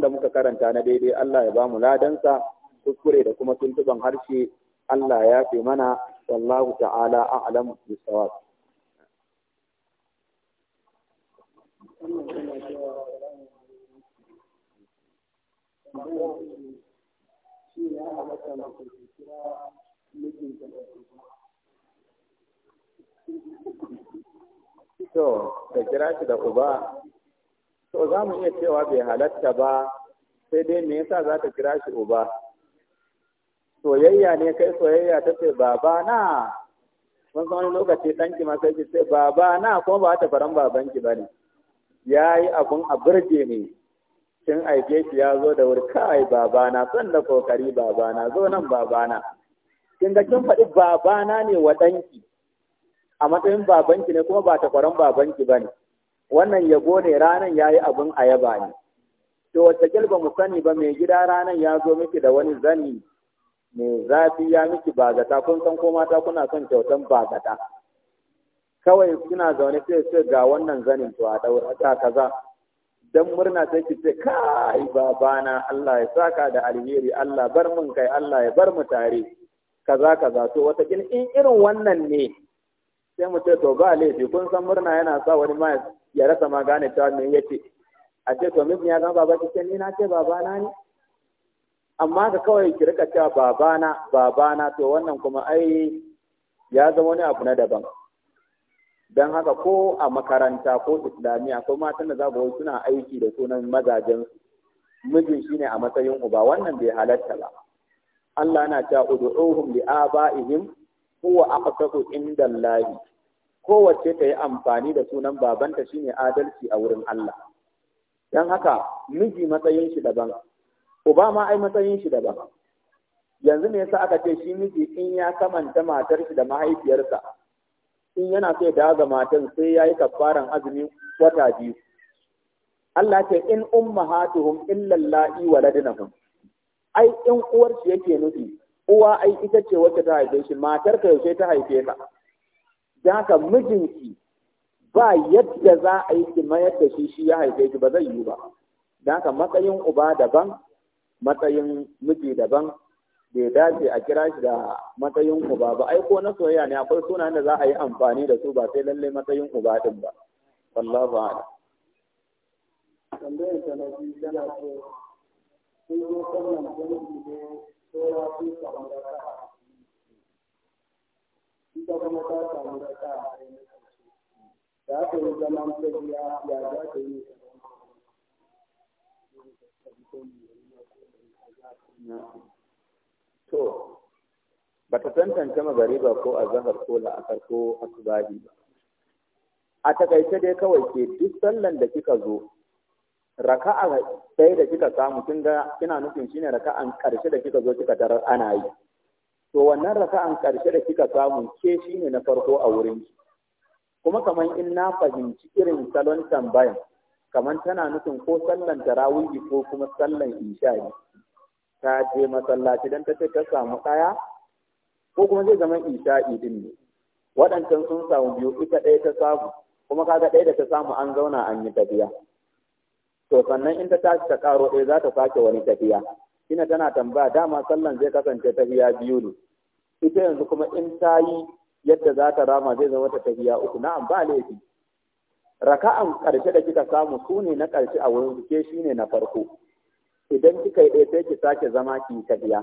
da muka karanta na daidai Allah ya ba mu ladansa kuskure da kuma tuntuban harshe Allah ya fi mana wallahu ta'ala a'lam bisawab To, da kira shi da uba, to za mu iya cewa bai halatta ba, sai dai me yasa za ta kira shi uba. soyayya ne kai soyayya ta ce baba na mun san wani lokaci danki ma sai ki ce baba na kuma ba ta faran babanki ba ne ya yi abun a burge ne kin aike ki ya zo da wuri kai baba na son da kokari baba na zo nan baba na kin ga kin faɗi baba na ne wa danki a matsayin babanki ne kuma ba ta faran babanki ba ne wannan yabo ne ranan ya yi abun ayaba ne to wata ba mu sani ba mai gida ranan ya zo miki da wani zani mai zafi ya miki bagata kun san ko mata kuna son kyautan bagata kawai kina zaune sai ce ga wannan zanin to a daura ta kaza dan murna sai ki ce kai babana Allah ya saka da alheri Allah bar mun kai Allah ya bar mu tare kaza kaza to wata in irin wannan ne sai mu ce to ba laifi kun san murna yana sa wani ma ya rasa ma gane cewa me yace a ce to mijin ya ga, baba ce ni na ce babana ne amma ka kawai ki rika cewa babana babana to wannan kuma ai ya zama wani abu na daban dan haka ko a makaranta ko islamiyya ko matan da za yi suna aiki da sunan mazajen mijin shine a matsayin uba wannan bai halatta ba Allah yana cewa ud'uhum li abaihim huwa aqsatu inda Allah kowace ta yi amfani da sunan babanta shine adalci a wurin Allah dan haka miji matsayin shi daban Obama ai matsayin shi daban. Yanzu me yasa aka ce shi miji in ya kamanta matar shi da mahaifiyarsa in yana so ya ga matan sai ya yi kafaran azumi wata biyu. Allah ce in ummahatuhum illa la'i waladnahum. Ai in uwar shi yake nufi uwa ai ita ce wacce ta haife shi matar ka yaushe ta haife ka. Da haka mijinki ba yadda za a yi ki mayar shi shi ya haife ki ba zai yi ba. Da haka matsayin uba daban matsayin miji daban bai dace a kira shi da matsayin uba ba ai ko na soyayya ne akwai suna da za a yi amfani da su ba sai lallai matsayin uba din ba wallahu a'lam tambayar ta na biyu tana so sun zo sannan dangi ne kowa sun samu raka ita kuma ta samu raka a da aka yi zaman tafiya ya za ta yi to ba ta tantance magariba ko azahar ko la'asar ko asubahi ba a takaice dai kawai ke duk sallan da kika zo raka'a sai da kika samu kin ga kina nufin shine raka'an karshe da kika zo kika tarar ana yi to wannan raka'an karshe da kika samu ke shine na farko a wurin ki kuma kaman in na fahimci irin salon tambayan kaman tana nufin ko sallan tarawih ko kuma sallan insha'i ta je masallaci dan ta ce ta samu ɗaya ko kuma zai zama isha'i din ne waɗancan sun samu biyu ita ɗaya ta samu kuma kaga ɗaya da ta samu an zauna an yi tafiya to sannan in ta tashi ta karo ɗaya za ta sake wani tafiya Kina tana tambaya dama sallan zai kasance tafiya biyu ne ita yanzu kuma in ta yi yadda za ta rama zai zama ta tafiya uku na'am ba laifi raka'an ƙarshe da kika samu su ne na ƙarshe a wurin ke shi ne na farko idan kika yi ɗaya sai ki sake zama ki tafiya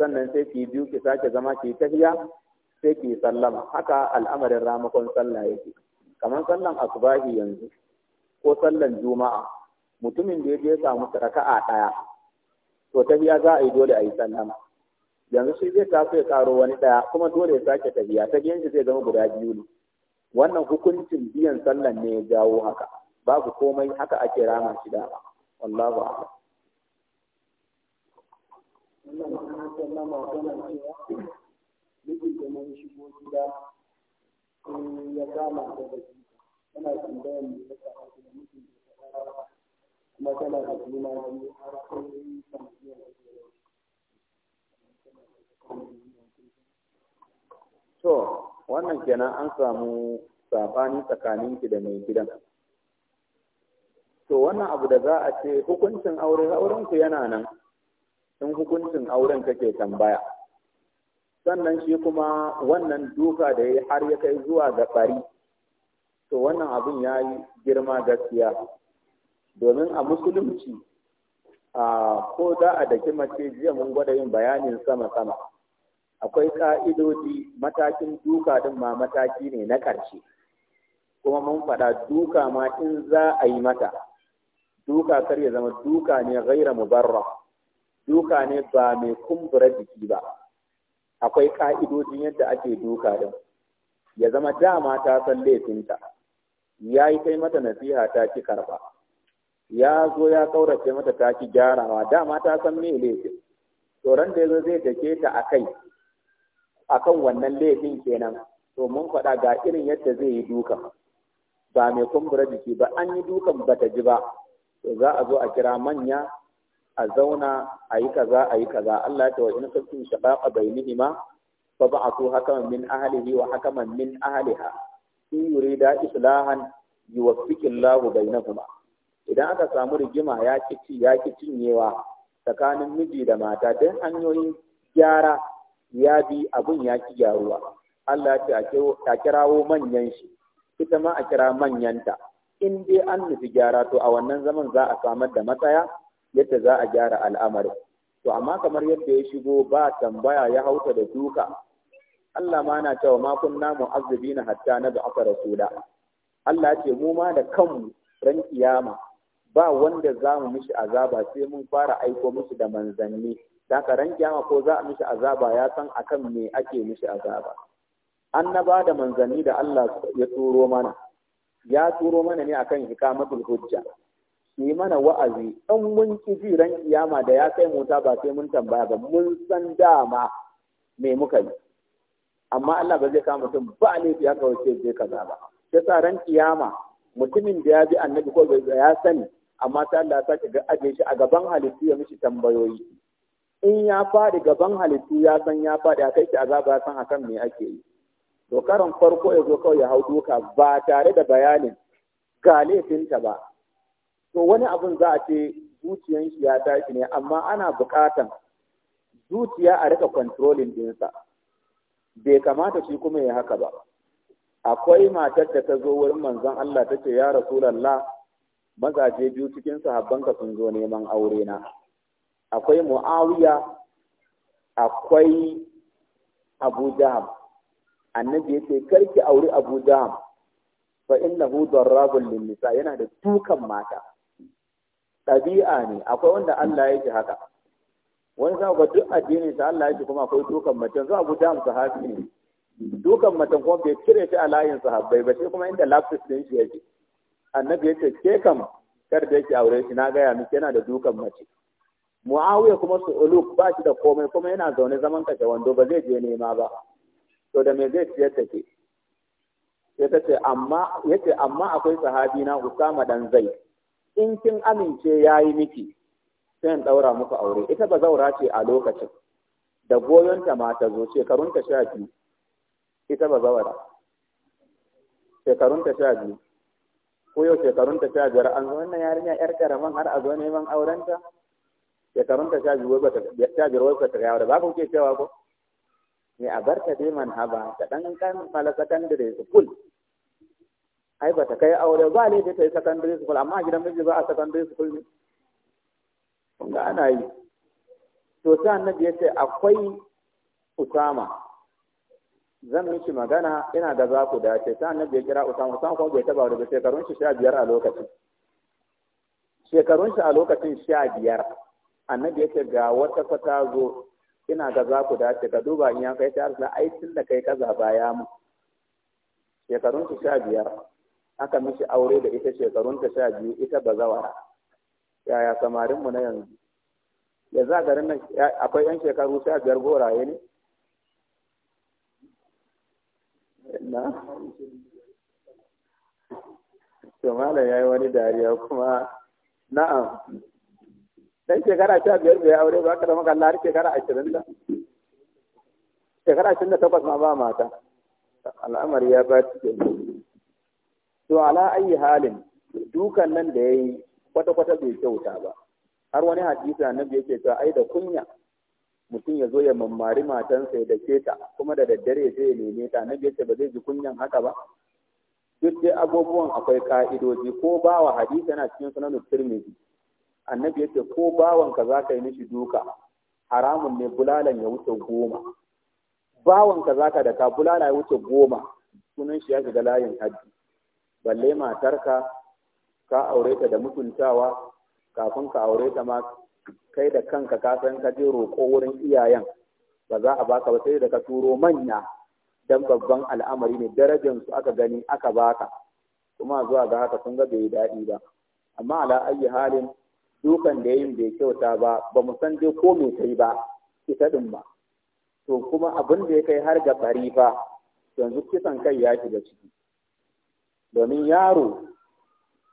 sannan sai ki biyu ki sake zama ki tafiya sai ki sallama haka al'amarin ramakon sallah yake kamar sallan asubahi yanzu ko sallan juma'a mutumin da ya je samu raka'a ɗaya to tafiya za a yi dole a yi sallama yanzu shi zai taso ya karo wani ɗaya kuma dole ya sake tafiya ta shi zai zama guda biyu ne wannan hukuncin biyan sallan ne ya jawo haka babu komai haka ake rama shi dama wallahu a'lam wannan makarantar na magana cewa mijin da na shigo gida ya kama da baki tana tambayar mai ya sa ake da mijin da ta kara kuma tana da juna biyu har sai sanadiyar da ke To, wannan kenan an samu sabani tsakaninki da mai gidan. To, wannan abu da za a ce hukuncin aure aurenku yana nan, in hukuncin auren kake tambaya sannan shi kuma wannan duka da ya har ya kai zuwa ga to wannan abin ya yi girma gaskiya domin a musulunci a ko za a daki mace jiya mun gwada yin bayanin sama-sama akwai ƙa'idodi matakin duka din ma mataki ne na ƙarshe kuma mun faɗa duka ma in za a yi mata duka kar ya zama duka ne gaira mubarra duka ne ba mai kumbura jiki ba akwai ka'idojin yadda ake duka din ya zama dama ta san laifinta ya yi kai mata nasiha ta ki karba ya zo ya kaurace mata ta ki gyarawa dama ta san me laifin tsoron da ya zo zai dake ta a kai a kan wannan laifin kenan to mun faɗa ga irin yadda zai yi duka. ba mai kumbura jiki ba an yi dukan ba ji ba to za a zo a kira manya a zauna a yi kaza a yi kaza Allah ta wa in kuntum shaqaqa bainihima fa ba'athu hakaman min ahlihi wa hakaman min ahliha in yurida islahan yuwaffiqillahu bainahuma idan aka samu rigima ya kici ya cinyewa tsakanin miji da mata don hanyoyin gyara ya bi abun ya ki gyaruwa Allah ce a kirawo manyan shi ita ma a kira manyanta in dai an nufi gyara to a wannan zaman za a samar da matsaya yadda za a gyara al'amarin to amma kamar yadda ya shigo ba tambaya ya hauta da duka Allah ma na cewa ma azubi na hatta na ba'atha rasula Allah ce mu ma da kanmu ran kiyama ba wanda za mu mishi azaba sai mun fara aiko mishi da manzanni daga ran kiyama ko za a mishi azaba ya san akan me ake mishi azaba An ba da manzanni da Allah ya turo mana ya turo mana ne akan hikamatul hujja yi mana wa'azi in mun ki ji ran kiyama da ya kai mota ba sai mun tambaya ba mun san dama me muka yi amma Allah ba zai kama mutum ba laifi haka ce zai kaza ba ta sa ran kiyama mutumin da ya bi annabi ko bai ya sani amma ta Allah ta ga ajiye shi a gaban halittu ya mishi tambayoyi in ya faɗi gaban halittu ya san ya faɗi a kai shi azaba ya san akan me ake yi to farko ya zo kawai ya hau duka ba tare da bayanin ga laifinta ba to wani abun za a ce zuciyan shi ya tashi ne amma ana buƙatan zuciya a rika controlling dinsa bai kamata shi kuma ya haka ba akwai matar da ta zo wurin manzon Allah ta ce ya rasulallah mazaje biyu cikin sahabbanka sun zo neman aure na akwai muawiya akwai abu jaham annabi ya ce karki auri abu jaham fa innahu darrabul lin nisa yana da dukan mata ɗabi'a ne akwai wanda Allah ya ji haka wani za ga duk addinin sa Allah ya ji kuma akwai dukan macen za ku dam sahabi ne dukan macen kuma bai cire shi a layin sahabbai ba sai kuma inda lapsus din shi yake annabi ya ce ke kam kar da yake aure shi na gaya miki yana da dukan mace muawiya kuma su uluk ba shi da komai kuma yana zaune zaman kashe wando ba zai je nema ba to da me zai ciyar da ke Yata ce amma yace amma akwai sahabi na usama dan zaid in kin amince ya yi miki sai in ɗaura muku aure ita ba zaura ce a lokacin da goyonta ma ta zo shekarunta sha biyu ita ba zaura shekarunta sha biyu ko yau shekarunta sha biyar an zo wannan yarinya yar karaman har a zo neman aurenta shekarunta sha biyu sha biyar wai ba ta gawa da ba ku ke cewa ko me a barka dai man haba ta ɗan kan malakatan da da su ai ba ta kai aure ba ne da ta yi secondary school amma gidan miji ba a secondary school ne ga ana yi to sai annabi ya ce akwai usama zan miki magana ina da za ku dace sai annabi ya kira usama usama kuma bai taba daga shekarun shi sha biyar a lokacin shekarun shi a lokacin sha biyar annabi ya ce ga wata fata zo ina ga za ku dace ka duba in ya kai ta arziki aikin da kai kaza baya mu shekarun shi sha biyar aka mishi aure da ita shekarunta sha biyu ita ba bazawara yaya samarinmu na yanzu ya za garin nan akwai 'yan shekaru sha biyar goraye ne na malam ya yi wani dariya kuma na'am dan shekara sha biyar bai aure ba ka da maka lari shekara ashirin da shekara ashirin da takwas ma ba mata al'amari ya ba cikin to ala ayi halin dukan nan da yayi kwata kwata bai kyauta ba har wani hadisi annabi yake cewa ai da kunya mutum ya zo ya mammari matansa ya dake ta kuma da daddare sai ya neme ta annabi yake ba zai ji kunyan haka ba duk dai abubuwan akwai ka'idoji ko bawa hadisi yana cikin sunan tirmidhi annabi yake ko bawan za ka yi mishi duka haramun ne bulalan ya wuce goma Bawan ka ka da ka bulala ya wuce goma sunan shi ya shiga layin hajji. balle matarka ka aure ta da mutuntawa kafin ka aure ta ma kai da kanka ka san ka je roƙo wurin iyayen ba za a baka ba sai da ka turo manya dan babban al'amari ne darajar su aka gani aka baka kuma zuwa ga haka sun ga bai daɗi ba amma ala ayi halin dukan da yin bai kyauta ba ba mu san dai ko me kai ba ita din ba to kuma abin da ya kai har ga fari fa yanzu kisan kai ya shiga ciki domin yaro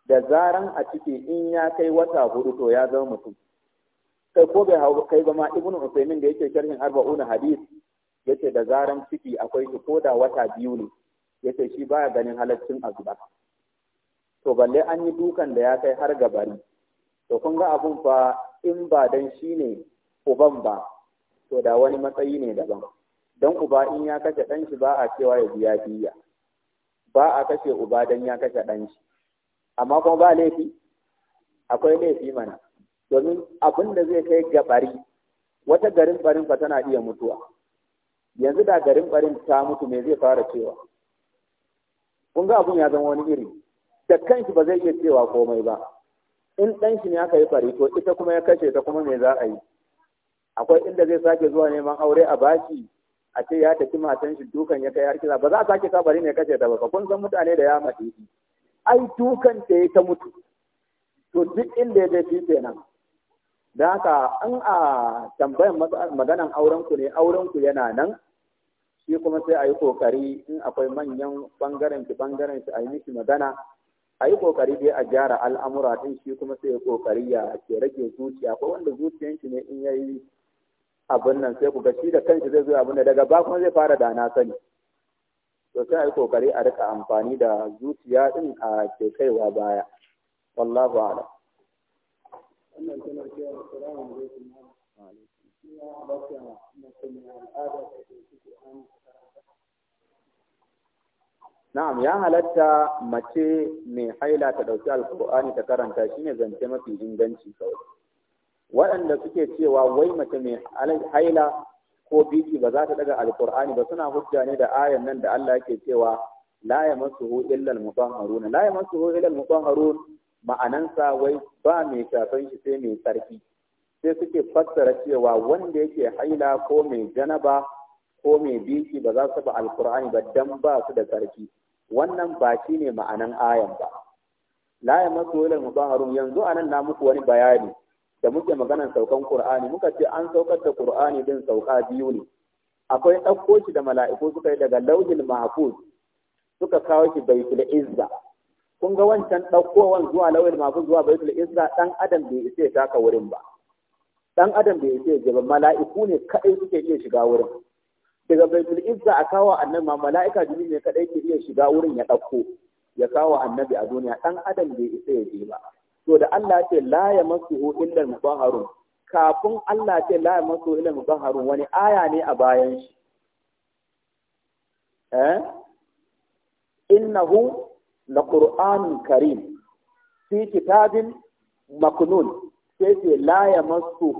da zaran a ciki in ya kai wata hudu to ya zama mutum kai ko bai hau kai ba ma ibnu min da yake sharhin arba'un hadis yace da zaran ciki akwai su ko da wata biyu ne yace shi baya ganin halaccin azuba to balle an yi dukan da ya kai har gabari to kun ga abun fa in ba dan ne uban ba to da wani matsayi ne daban dan uba in ya kashe ɗan shi ba a cewa ya biya biya ba a kashe uba don ya kashe ɗan shi amma kuma ba laifi akwai laifi mana domin abin da zai kai ga bari wata garin barin fa tana iya mutuwa yanzu da garin barin ta mutu me zai fara cewa kun ga abun ya zama wani iri da kanshi ba zai iya cewa komai ba in ɗan shi ne aka yi bari to ita kuma ya kashe ta kuma me za a yi akwai inda zai sake zuwa neman aure a bashi a ce ya tafi matan shi dukan ya kai har kisa ba za a sake kabari ne kashe ta ba kun san mutane da ya mace shi ai dukan ta ta mutu to duk inda ya tafi nan da haka an a tambayan maganan auren ku ne auren ku yana nan shi kuma sai a yi kokari in akwai manyan bangaren ki bangaren shi a miki magana a yi kokari dai a gyara al'amura din shi kuma sai ya kokari ya ke rage zuciya ko wanda zuciyanki ne in yayi abin nan sai ku ga shi da kanshi zai zo abin da daga ba kuma zai fara da na sani to sai a yi kokari a rika amfani da zuciya din a ke kaiwa baya wallahu ala Na'am ya halatta mace mai haila ta ɗauki alkur'ani ta karanta shine zance mafi inganci kawai. waɗanda suke cewa wai mace mai haila ko biki ba za ta daga alkur'ani ba suna hujja ne da ayan nan da Allah yake cewa la yamassuhu illa al-mutahharun la yamassuhu illa al-mutahharun ma'anansa wai ba mai shafan shi sai mai sarki sai suke fassara cewa wanda yake haila ko mai janaba ko mai biki ba za su ba alkur'ani ba dan ba su da sarki. wannan ba ne ma'anan ayan ba la yamassuhu illa al-mutahharun yanzu anan na muku wani bayani da muke maganar saukan Qur'ani muka ce an saukar da Qur'ani din sauka biyu ne akwai ɗauko shi da mala'iku suka yi daga lauhin mahfuz suka kawo shi baitul izza kun ga wancan ɗaukowan zuwa lauhin mahfuz zuwa baitul izza dan adam bai isa ya taka wurin ba dan adam bai isa ya ba mala'iku ne kadai suke iya shiga wurin daga baitul izza a kawo annabi ma mala'ika jini ne kadai ke iya shiga wurin ya ɗauko ya kawo annabi a duniya dan adam bai isa ya je ba to da Allah ce la ya masu illal mutahharun kafin Allah ce la ya masu illal mutahharun wani aya ne a bayan shi eh innahu laqur'anun karim fi kitabin maknun sai ce la ya masu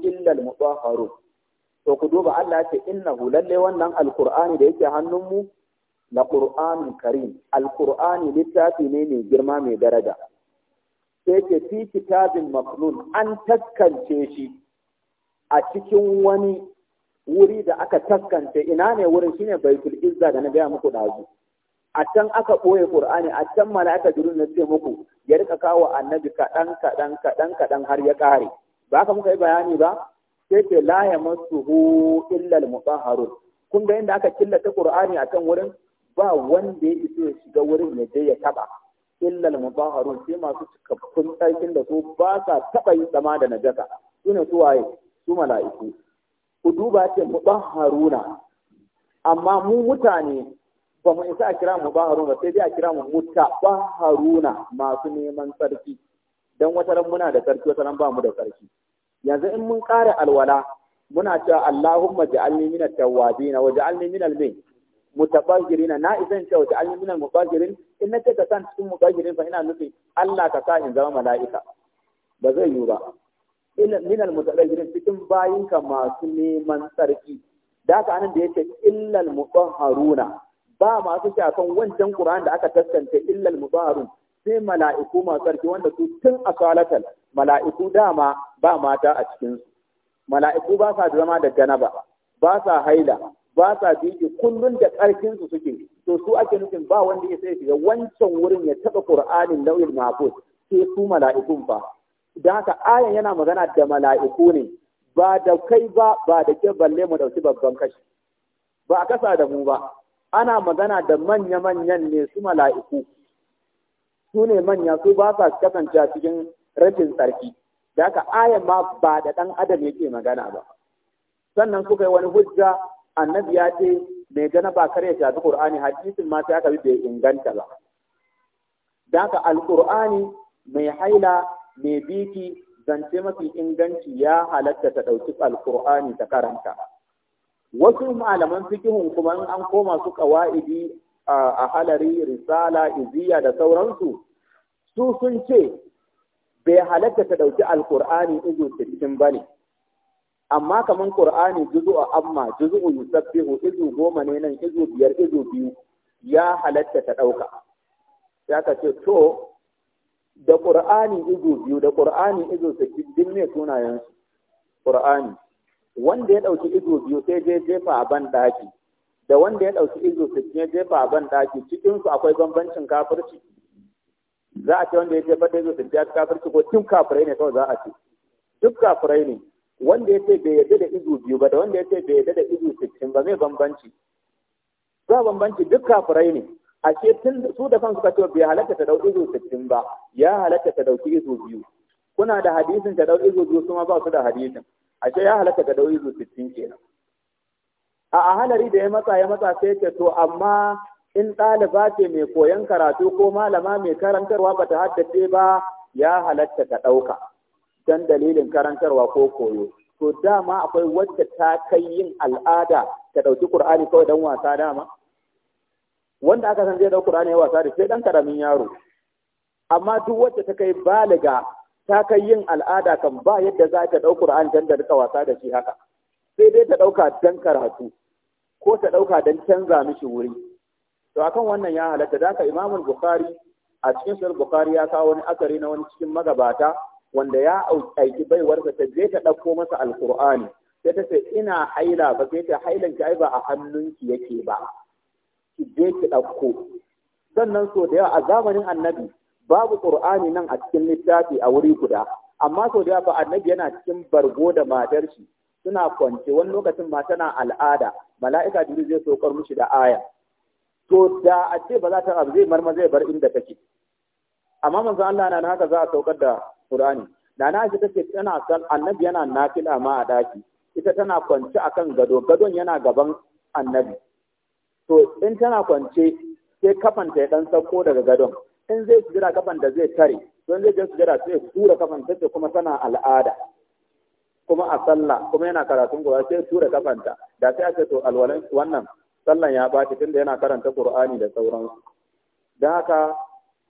illal mutahharun to ku duba Allah ce innahu lalle wannan alqur'ani da yake hannunmu la qur'anun karim alqur'ani littafi ne mai girma mai daraja sai ke fi kitabin maknun an taskance shi a cikin wani wuri da aka taskance ina ne wurin shine baitul izza da na gaya muku dazu a can aka ɓoye qur'ani a can mala'ika jibril na ce muku ya rika kawo annabi kaɗan kaɗan kaɗan kaɗan har ya ƙare ba ka muka yi bayani ba sai ce la yamassuhu illa al-mutahharun kun ga inda aka killata qur'ani akan wurin ba wanda ya iso ya shiga wurin ya je ya taɓa. illal mutahharun sai masu cikakkun tsarkin da su ba sa taɓa yi tsama da najasa su ne su waye su mala'iku ku duba ce mutahharuna amma mu mutane ba mu isa a kira mu ba sai dai a kira mu mutta haruna masu neman tsarki dan wata ran muna da tsarki wata ran ba mu da tsarki yanzu in mun ƙara alwala muna cewa Allahumma ja'alni min at-tawwabin wa ja'alni min al-min mutabashirina na isan cewa da alimi minal in na ce ka san cikin mubashirin fa ina nufi Allah ka sa in zama mala'ika ba zai yiwu ba ila minal mutabashirin cikin bayinka masu neman tsarki da haka anan da yake illal mutahharuna ba masu ce akan wancan Qur'an da aka taskance illal mutahharun sai mala'iku masu tsarki wanda su tun asalatal mala'iku dama ba mata a cikin mala'iku ba sa zama da ganaba ba sa haila ba sa biki kullum da ƙarfin su suke to su ake nufin ba wanda ya sai shiga wancan wurin ya taɓa Qur'anin lauyin mahfuz sai su mala'ikun fa don haka ayan yana magana da mala'iku ne ba da kai ba ba da ke balle mu dauki babban kashi ba a kasa da mu ba ana magana da manya-manyan ne su mala'iku su ne manya su ba sa kasance cikin rashin tsarki da haka ayan ma ba da ɗan adam yake magana ba sannan kuka yi wani hujja annabi ya ce mai gana ba kar ya shafi qur'ani hadisin ma sai aka bi bai inganta ba daga Alkur'ani mai haila mai biki zance mafi inganci ya halatta ta ɗauki Alkur'ani ta karanta wasu malaman fikihun kuma an koma su ƙawa'idi a halari risala iziya da sauransu su sun ce bai halatta ta ɗauki Alkur'ani izo cikin bane amma kaman qur'ani a amma juzu'u yusabbihu izu goma ne nan izu biyar izu biyu ya halatta ta dauka ya ka ce to da qur'ani izu biyu da qur'ani izu sakin din ne sunayen qur'ani wanda ya dauki izu biyu sai je jefa a ban daki da wanda ya dauki izu sakin ya jefa a ban daki cikin su akwai bambancin kafirci za a ce wanda ya jefa da izu a ya kafirci ko tun kafirai ne kawai za a ce duk kafirai ne wanda ya ce bai yadda da izu biyu ba da wanda ya ce bai yadda da izu sittin ba mai bambanci ba bambanci duk kafirai ne ashe tun su da kansu kacewa bai halatta ta dauki izu sittin ba ya halatta ta dauki izu biyu kuna da hadisin ta dauki izu biyu ma ba su da hadisin ashe ya halatta ta dauki izu sittin kenan a ahalari da ya matsa ya matsa sai ce to amma in ɗaliba ce mai koyon karatu ko malama mai karantarwa ba ta haddace ba ya halatta ta ɗauka. don dalilin karantarwa ko koyo to dama akwai wadda ta kai yin al'ada ta ɗauki Kur'ani kawai don wasa dama wanda aka san zai ɗau Kur'ani ya wasa da sai ɗan karamin yaro amma duk wacce ta kai baliga ta kai yin al'ada kan ba yadda za ta ɗau Kur'ani don da rika wasa da shi haka sai dai ta ɗauka don karatu ko ta ɗauka don canza mishi wuri to a kan wannan ya halatta da ka imamun Bukhari a cikin Sahih Bukhari ya kawo wani asari na wani cikin magabata wanda ya aiki baiwarsa ta je ta ɗauko masa alkur'ani sai ta ce ina haila ba sai ta hailan ki ai ba a hannunki yake ba ki je ki ɗauko sannan so da yawa a zamanin annabi babu ƙur'ani nan a cikin littafi a wuri guda amma so da yawa fa annabi yana cikin bargo da matar shi suna kwance wani lokacin ma tana al'ada mala'ika jibril zai saukar mishi da aya to da a ce ba za ta zai marma zai bar inda take amma manzo Allah na haka za a saukar da Kur'ani, da na shi take tana san annabi yana nafila ma a daki ita tana kwance akan gado gadon yana gaban annabi to in tana kwance sai kafanta ya dan sauko daga gadon in zai sujira kafan da zai tare don zai je sujira sai tura kafan ta kuma tana al'ada kuma a sallah kuma yana karatun gura sai tura kafanta da sai ake to alwalan wannan sallan ya baci tunda yana karanta Kur'ani da sauransu dan haka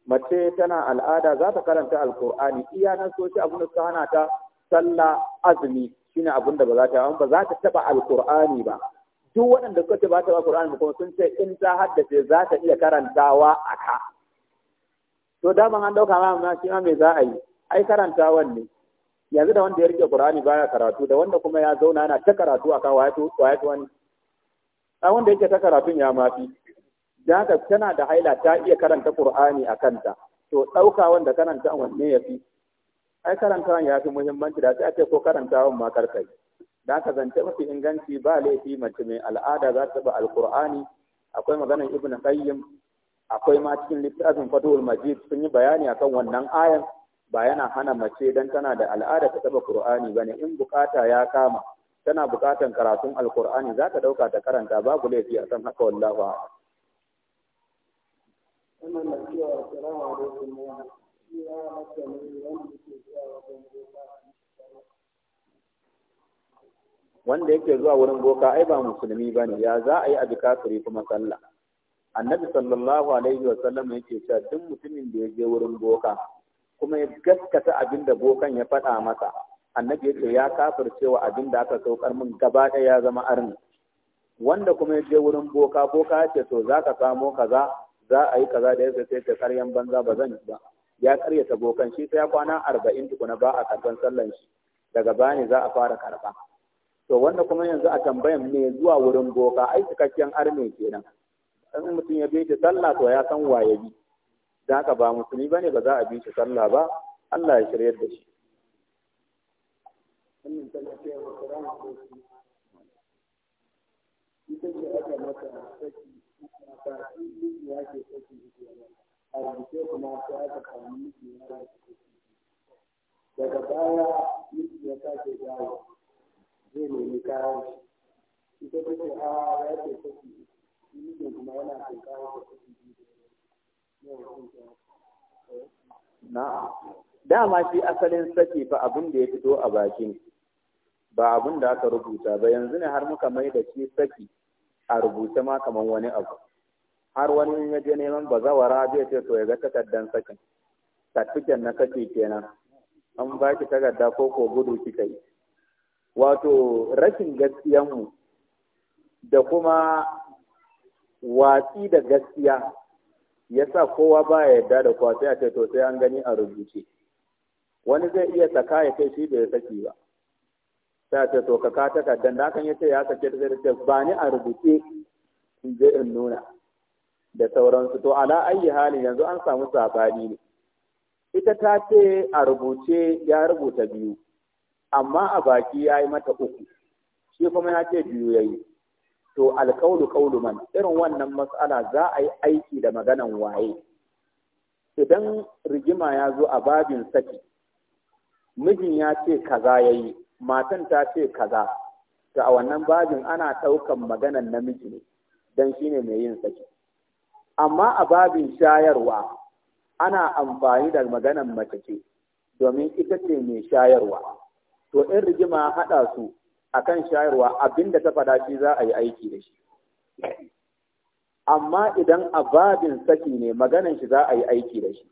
mace tana al'ada za ta karanta alkur'ani iya nan so shi abin da suka hana ta sallah azumi shine abin da ba za ta yi ba za ta taba alkur'ani ba duk waɗanda suka ce ba ta ba alkur'ani kuma sun ce in ta haddace za ta iya karantawa a ka to daman an dauka ma amma shi ma me za a yi ai karantawan ne yanzu da wanda ya rike qur'ani baya karatu da wanda kuma ya zauna yana ta karatu akan wayato wani a wanda yake ta karatun ya mafi da haka tana da haila ta iya karanta Qur'ani a kanta to ɗauka wanda karanta wanne ya fi ai karanta ya fi muhimmanci da sai ake ko karantawan ma karkai da haka zance mafi inganci ba laifi mace mai al'ada za ta ba Al-Qur'ani. akwai maganar Ibn qayyim akwai ma cikin littafin fatul majid sun yi bayani akan wannan ayan ba yana hana mace dan tana da al'ada ta taba qur'ani bane in bukata ya kama tana bukatan karatun Al-Qur'ani za ta dauka ta karanta babu laifi akan haka wallahu wanda yake zuwa wurin boka ai ba musulmi ba ne ya za a yi abu kafiri kuma sallah annabi sallallahu alaihi wa sallam yake cewa duk mutumin da ya je wurin boka kuma ya gaskata abin bokan ya faɗa masa annabi yake ya kafirce cewa abin aka saukar min gaba ɗaya ya zama arni wanda kuma ya je wurin boka boka ya ce to zaka samo kaza za a yi kaza da yadda sai ta karyan banza ba zan ba ya karya bokan shi sai ya kwana arba'in tukuna ba a karban sallan shi daga bani za a fara karba to wanda kuma yanzu a tambayan me zuwa wurin boka ai cikakken arme kenan in mutum ya bi shi sallah to ya san waye bi da haka ba musulmi bane ba za a bi shi sallah ba Allah ya shiryar da shi wannan tana ita ce aka mata saki ba shi miki ya ke saki miki ba a rubuce kuma sai aka samu miki ya ke saki daga baya miki ya ke dawo zai nemi kayan shi ita ta ce a ah, ya ke saki miki kuma yana kan kayan da saki Na'am. Dama shi asalin saki fa abin da ya fito a bakin ba abin da aka rubuta ba yanzu ne har muka mai da shi saki a rubuce ma kamar wani abu. har wani ya je neman bazawara zai ce to ya ga takardan sakin tafiken na kake kenan an ba ki takarda ko ko gudu kika yi wato rashin gaskiyanmu da kuma watsi da gaskiya ya sa kowa ba ya yarda da kowa sai a ce to sai an gani a rubuce wani zai iya saka ya kai shi bai saki ba sai a ce to ka ka takardan da hakan ya ce ya sake ta zai ba ni a rubuce in je in nuna da sauransu to ala ayi hali yanzu an samu sabani ne ita ta ce a rubuce ya rubuta biyu amma a baki ya yi mata uku shi kuma ya ce biyu ya yi to alkaulu kaulu man irin wannan matsala za a yi aiki da maganan waye idan rigima ya zo a babin saki mijin ya ce kaza ya yi matan ta ce kaza ta a wannan babin ana ɗaukan maganan namiji ne don shi ne mai yin saki amma a babin shayarwa ana amfani da maganan mace domin ita ce mai shayarwa to in rigima haɗa su akan shayarwa abinda ta faɗa shi za a yi aiki da shi amma idan a babin saki ne maganan shi za a yi aiki da shi